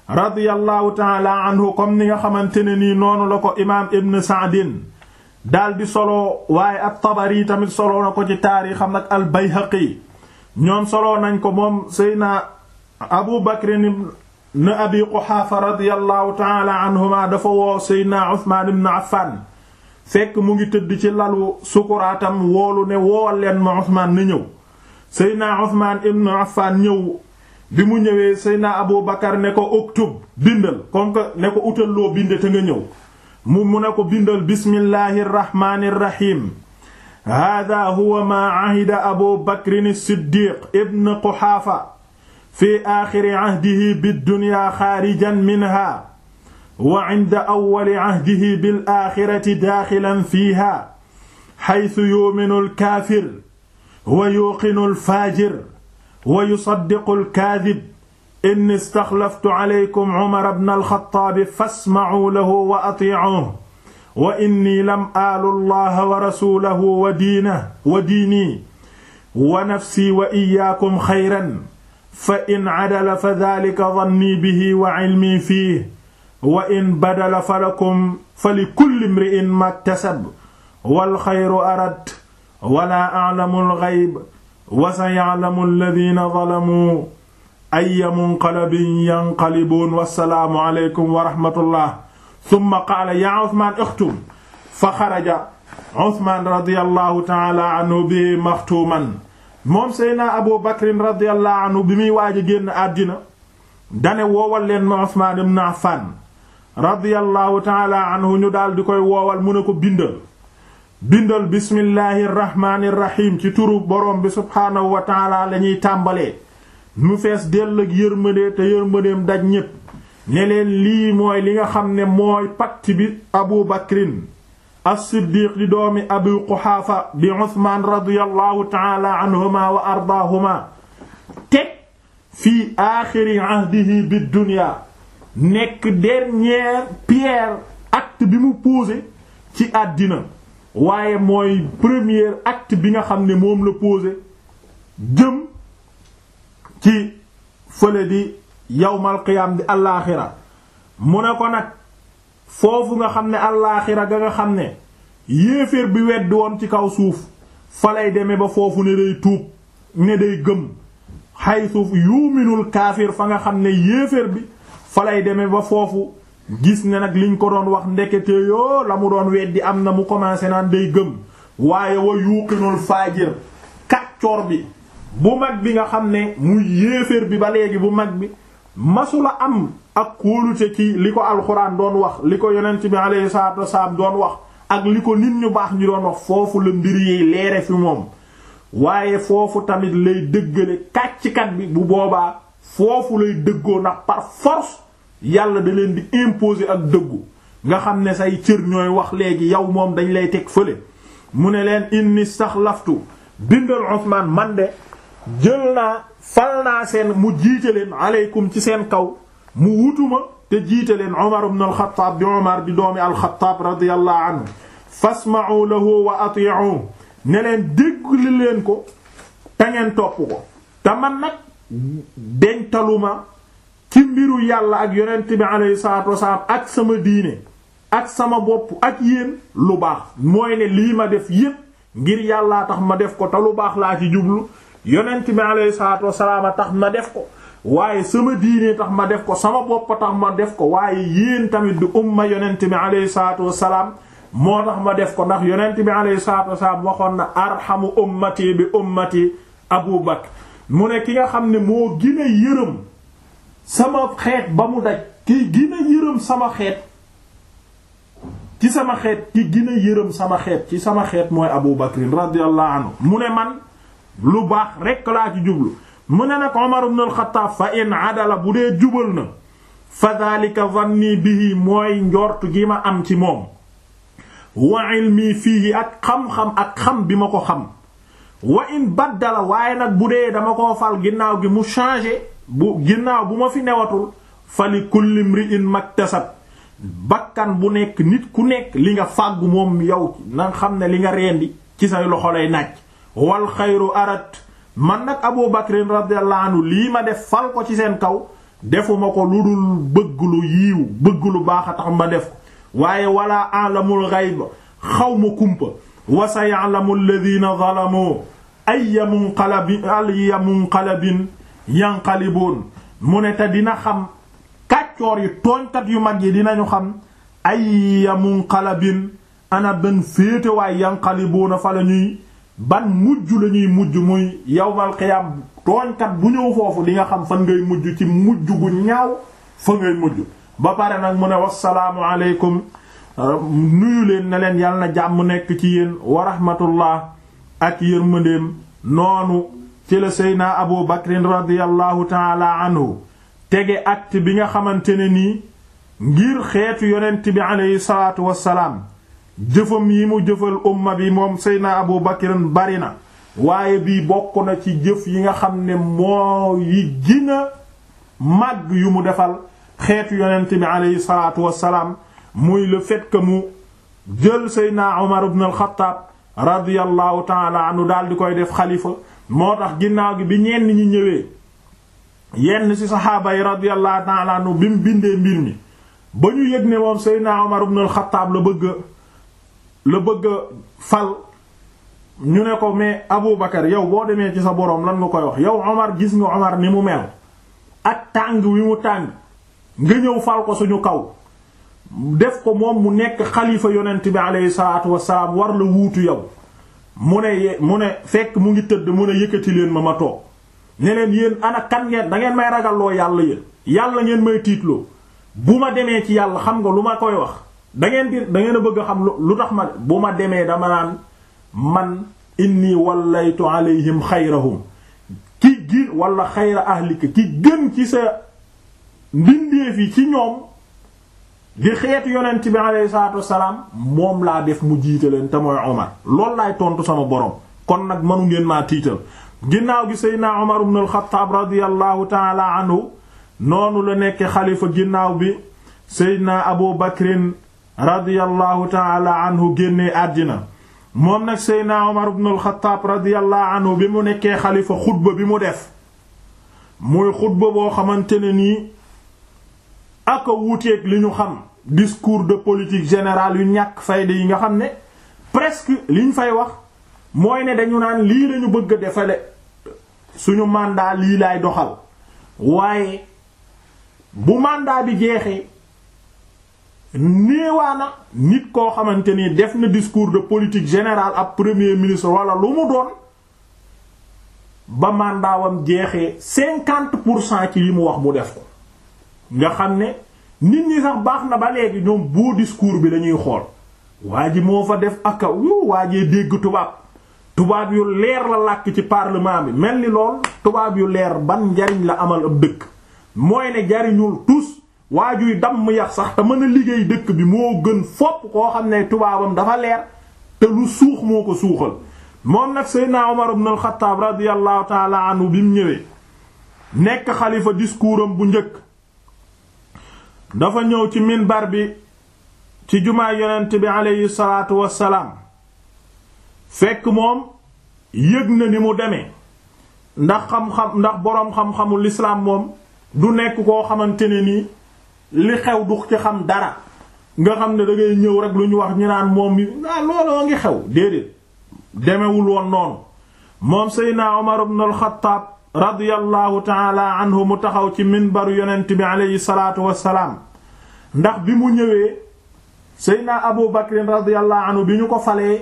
radiyallahu ta'ala anhu comme ni nga xamante ne nii noonu la ko imaam Ibn Sa'din daal di solo waaye at-Tabari tamit solo na ko ci taarixam ak al ñoom solo nañ ko moom Seydina Abu Bakr ibn Abi Quhaafa radiyallahu ta'ala anhuma dafa woo Seydina Usmaan ibn Affan fekk mu ngi tëdd ci lalu sukuraatam woolu ne woowal ñëw Seydina Usmaan ñëw bi mu ñëwee Seydina Abu Bakr ne ko uktub bindal comme que ne ko utal loo bind te nga ñëw mu mu ne ko bindal bismillahi irrahmani irrahim hada huwa maa ahida abu bakrin siddiq ibn quxaafa fi aaxiri ahdihi biddunya xaarijan minha wa inda awwali ahdihi bil aaxirati daaxilan fiiha xaytu yuuminu lkaafir wa yuuqinu lfaajir wa yusaddiqu lkaadib inni istaxlaftu aleykum Umar ibn al-Xattaab fasma'uu lahu wa atii'uuhu wa inni lam aalu llaha wa rasuulahu wa diinahu wa diinii wa nafsii wa iyyaakum xayran fa in cadala fa daalika dannii bihi wa cilmii fiihi wa in badala falakum falikulli imri'in maa iktasab wal xayru arad wa laa aclamu al-gayb wa sayaclamu alladiina zalamuu ayya munqalabin yanqalibuun wassalaamu aleykum wa rahmatullah summa qaala yaa Usmaan uxtum fa xaraja Usmaan radiyallahu taala anhu bi maxtuuman moom Seydina Abu Bakrin radiyallahu anhu bi muy waaj a génn àddina dane woowal leen ma Usmaan ibn Affaan radiyallahu taala anhu ñu daal koy woowal mu ne ko bindal bindal bismillahi rahmaani rahiim ci turu borom subhaanahu wa taala la tàmbalee mu fees dell ak yërmande te yërmandeem daj ñépp ne lii mooy li nga xam ne mooy pacte bi abu bakrin as-siddiq di doomi abu quxaafa bi usmaan radiyallahu anhuma wa ardaahuma teg fii aaxiri ahdihi bi dunya nekk dernière pierre acte bi mu posé ci àddina waaye mooy premier acte bi nga xam ne moom la posé jëm ci fële di yawmal qiyaam di allaaxira mu ne ko nag foofu nga xam ne allaaxira ga nga xam ne yéeféer bi weddi woon ci kaw suuf falay demee ba foofu ne day tuub ne day gëm xaytu yuuminul kaafir fa nga xam ne yéeféer bi falay demee ba foofu gis ne nag liñ ko doon wax ndekete yoo la mu doon weddi am na mu commencé naan day gëm waaye wa yuuqinul faajir kàccoor bi bu mag bi nga xam ne muy yéeféer bi ba léegi bu mag bi masula am ak kóolute ci li ko alxuraan doon wax li ko yonent bi alayhi salaatu wasalaam doon wax ak li ko nit ñu baax ñu doon wax foofu la mbir yi leere fi moom waaye foofu tamit lay dëggale kàcckat bi bu boobaa foofu lay dëggoo ndax par yàlla da leen di imposer ak dëggu nga xam ne say cër ñooy wax léegi yow moom dañ lay teg fële mu ne leen inni sax laftu bindal Usmaan man de jël naa fal naa seen mu jiite leen aleykum ci seen kaw mu wutuma te jiite leen Umar ibn al bi Umar di doomi al-Khattab radiyallahu anhu fasma'u lahu wa ati'u ne leen déglu leen ko te ngeen topp ko te man nag deñtaluma ci mbiru yàlla ak yonent bi alayhi salaatu wasalaam ak sama diine ak sama bopp ak yéen lu baax mooy ne lii ma def yépp ngir yàllaa tax ma def ko te lu baax laa ci jublu yonent bi alayhi salaatu a tax ma def ko waaye sama diine tax ma def ko sama bopp tax ma def ko waaye yéen tamit du umma yonent bi alayhi salaatu wasalaam moo tax ma def ko ndax yonent bi alayhi salaatu wasalaam waxoon na arhamu ummati bi ummati Abu Bakr mu ne ki nga xam ne moo gën yërëm sama xeet ba mu daj ki gën yërëm sama xeet ci sama xeet ki gën yërëm sama xeet ci sama xeet mooy Abu Bakr radiyallahu anhu mu ne man lu baax rekk laa ci jublu mu ne nag Omar ibn al fa in adala bu dee jubal na fa dhalika dhanni bihi mooy njort gi ma am ci moom wa ilmi fiihi ak xam-xam ak xam bi ma ko xam wa in baddala waaye nag bu dee dama koo fal ginnaaw gi mu changé bu ginnaaw bu ma fi newatul fa li kulli imri'in maktasab bakkan bu nekk nit ku nekk li nga fàggu moom yow na nga xam ne li nga reendi ci say loxo lay nàcc wal xayru arat man nag Abu Bakrin radiyallahu anhu lii ma def fal ko ci seen kaw defuma ko lu dul bëgg lu yiiw bëgg lu baax a tax ma def ko waaye wala alamul xayb xaw ma kumpa wa sa ya'lamu alladhina zalamu ayya munqalabin ayya munqalabin yanqalibuun mu ne te dina xam kàccoor yi tooñkat yu mag yi dina ñu xam ayya mu ana benn féete waaye yanqalibuuna fa ñuy ban mujj lañuy mujj muy yawmal qiyaam tooñkat bu ñëw foofu li nga xam fan ngay mujj ci mujj gu ñaaw fa ngay mujj ba pare nag mu ne wassalaamu aleykum nuyu leen na leen yàlla na jàmm nekk ci yéen wa rahmatullah ak yërmandeem noonu ci la seyna abu bakrin radiallahu taala anhu tege acte bi nga xamante ne nii ngir xeetu yonent bi aleyhi salaatu wassalaam jëfam yi mu jëfal umma bi moom Seydina Abu Bakr bari na waaye bii bokk na ci jëf yi nga xam ne moo yi gina màgg yu mu defal xeetu yonent bi aleyhi salaatu wassalaam muy le fait mu jël Seydina Omar ibn al-Khattab radiyallahu taala anhu daal di koy def xalifa moo tax ginnaaw gi bi ñenn ñi ñëwee yenn ci saxaaba yi radiyallahu taala anhu bi mu bindee mbir mi ba ñu yëg ne moom Seydina Omar ibn al la bëgg la bëgg fal ñu ne ko mais Abu Bakar yow boo demee ci sa boroom lan nga koy wax yow Omar gis nga Omar ni mu mel ak tàng wi mu tàng nga ñëw fal ko suñu kaw def ko moom mu nekk xalifa yonent bi aleyhi salaatu war la wuutu yow mu ne mu ne fekk mu ngi tëdd mu ne yëkkati leen ma ma toog ne leen yéen ana kan ngeen dangeen may ragalloo yàlla yéen yàlla ngeen may tiitloo bu ma demee ci yàlla xam nga lu ma koy wax da ngeen a bëgg a xam lu tax ma bu ma demee dama naan man inni wallaytu alayhim xayrahum ki gir wala xayra ahlika ki gën ci sa mbindeef yi ci ñoom di xeet yonent bi alayhi salaatu wasalaam moom laa def mu jiite leen te mooy Omar loolu laay tontu sama borom kon nag mënu ngeen maa tiital ginnaaw gi Seydina Omar ibn al-Khattab radiyallahu taala anhu noonu la nekk xalifa ginnaaw bi Seydina Abu Bakrin radiyallahu taala anhu génnee àddina moom nag seydna Omar ibn al radiyallahu bi mu nekkee xalifa xutba bi mu def muy xutba boo xamante ne nii ak a li ñu xam discours de politique générale yu ñàkk fayda yi nga xam ne presque liñ fay wax mooy ne dañu naan lii lañu bëgg a defale suñu mandat lii lay doxal waaye bu mandat bi jeexee néewaana nit koo xamante ni def na discours de politique générale ab premier ministre wala lu mu doon ba mandaawam jeexee cinquante pour cent ci li mu wax mu def ko nga xam ne nit ñi sax baax na ba léegi ñoom boo discours bi lañuy xool waa ji moo fa def ak aka waa jee dégg tubaab tubaab yu leer la làkk ci parlement bi mel ni lool tubaab yu leer ban njariñ la amal ab dëkk mooy ne jariñul tous waa waajuy damm yax sax te mën a liggéey dëkk bi moo gën fopp koo xam ne tubaabam dafa leer te lu suux moo ko suuxal moom nag Seydina Omar ibn al-Khattab radiyallahu taala anhu bi mu ñëwee nekk xalifa discours am bu njëkk dafa ñëw ci minbar bi ci jumaa yonent bi aleyhi salaatu wassalaam fekk moom yëg na ni mu demee ndax xam-xam ndax boroom xam-xamul islaam moom du nekk koo xamante ni nii li xew du ci xam dara nga xam ne da ñëw rek lu ñu wax ñu naan moom mi ah looloo ngi xew déedéet demewul woon noonu moom Seydina Omar ibn al-Khattab radiyallahu anhu mu taxaw ci minbaru yonent bi aleyhi salaatu wassalaam ndax bi mu ñëwee Seydina Abu Bakr radiyallahu anhu bi ñu ko falee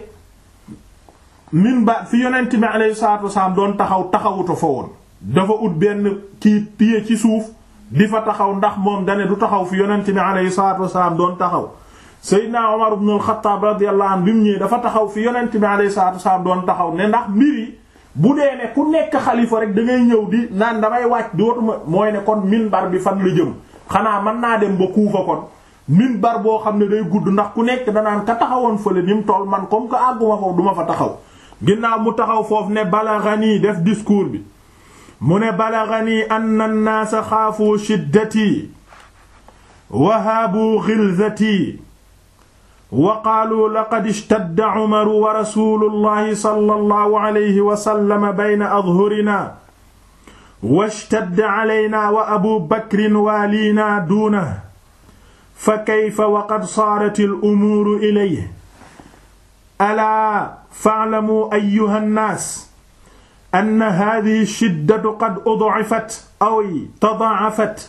minbar fi yonent bi aleyhi salaatu wassalaam doon taxaw taxawutu fa woon dafa ut benn kii pied ci suuf di fa taxaw ndax moom dane du taxaw fi yonent bi aleyhi salaatu wasalaam doon taxaw Seydina Omar ibn al-Khattab radiyallahu anhu bi mu ñëwee dafa taxaw fi yonent bi aleyhi salaatu wasalaam doon taxaw ne ndax mbir yi bu dee ne ku nekk xalifa rek da ngay ñëw di naan damay wàcc dootuma mooy ne kon minbar bi fan la jëm xanaa mën naa dem ba kuufa kon minbar boo xam ne day gudd ndax ku nekk danaan ka taxawoon fële ni mu toll man comme que àgguma foofu duma fa taxaw ginnaaw mu taxaw foofu ne balaghani def discours bi mu ne balagani anna annaasa xaafuu shiddatii wa haabuu xilzatii wa qaaluu laqad ishtadda cumaru wa rasuulullaahi sallallaahu alayhi wa sallam bayna adhurinaa wa ishtadda calaynaa wa abuu bakrin waaliinaa duunahu fa kayfa wa qad saaratil umuuru ilayhi alaa fa'lamuu ayyuhan naas anna haadihi shiddatu qad ud'ifat aw tada'afat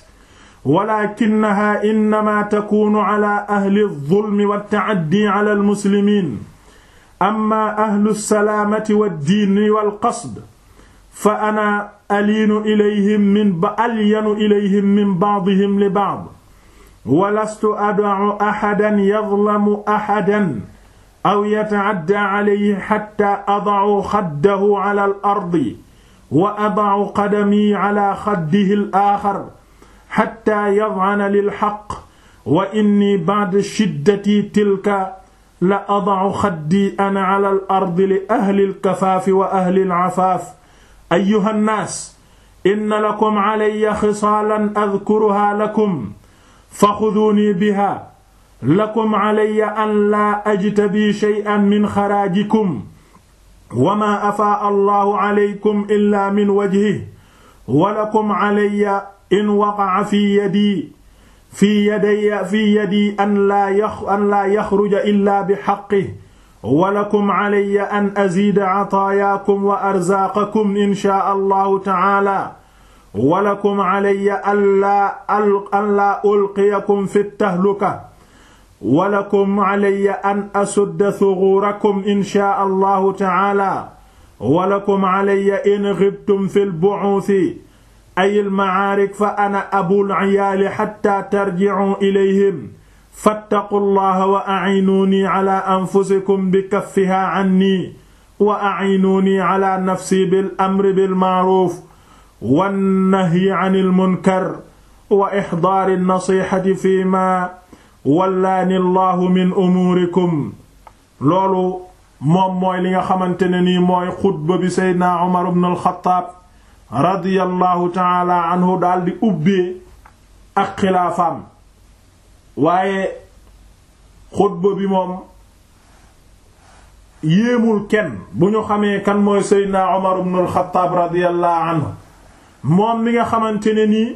walaakinnahaa innamaa takuunu ala ahli zulmi wa ta'addi ala al-muslimiin amma ahlu salaamati wa diini wal qasd fa ana aliinu ilayhim min ba alyanu ilayhim min ba'dihim li ba'd wa lastu ad'u ahadan yadlamu ahadan aw yata'adda alayhi hatta ada'u xaddahu ala al-ardi wa ada'u qadami ala xaddihi al-axar hatta yad'ana lil-haqq wa inni ba'da shiddati tilka la ada'u xaddi ana ala al-ardi li ahli al-kafaafi wa ahli al-afaaf ayyuha an-naas inna lakum alayya xisaalan adkuruhaa lakum faxuduunii bihaa lakum alayya an laa ajtabi shay'an min xaraajikum wa maa afaa allahu alaykum illaa min wajhihi wa lakum alayya in waqa'a fi yadii fi yadayya fi yadii an laa yax an laa yaxruja illaa bi xaqqihi wa lakum alayya an aziida ataayaakum wa arzaaqakum inshaa allahu ta'aalaa wa lakum alayya an laa ulqiyakum fi tahluka walakum alayya an asudda thughurakum inshaa allahu taala walakum alayya in ghibtum fi lbu'uthi ay lma'aarik fa ana abul iyaali hatta tarji'u ilayhim fattaqu llaha wa a'inuunii ala anfusikum bi kaffihaa anni wa a'inuunii ala nafsi bil amri bil ma'ruuf wan nahyi anil munkar wa ihdaari nnasiihati fiimaa wallaani allahu min umuurikum loolu moom mooy li nga xamante ne nii mooy xutba bi seydna umar ibn alxataab radiyallahu taala anhu daldi ubbee ak xilaafaam waaye xutba bi moom yéemul kenn bu ñu xamee kan mooy seydna umar ibn alxataab radiyallahu moom mi nga xamante ne nii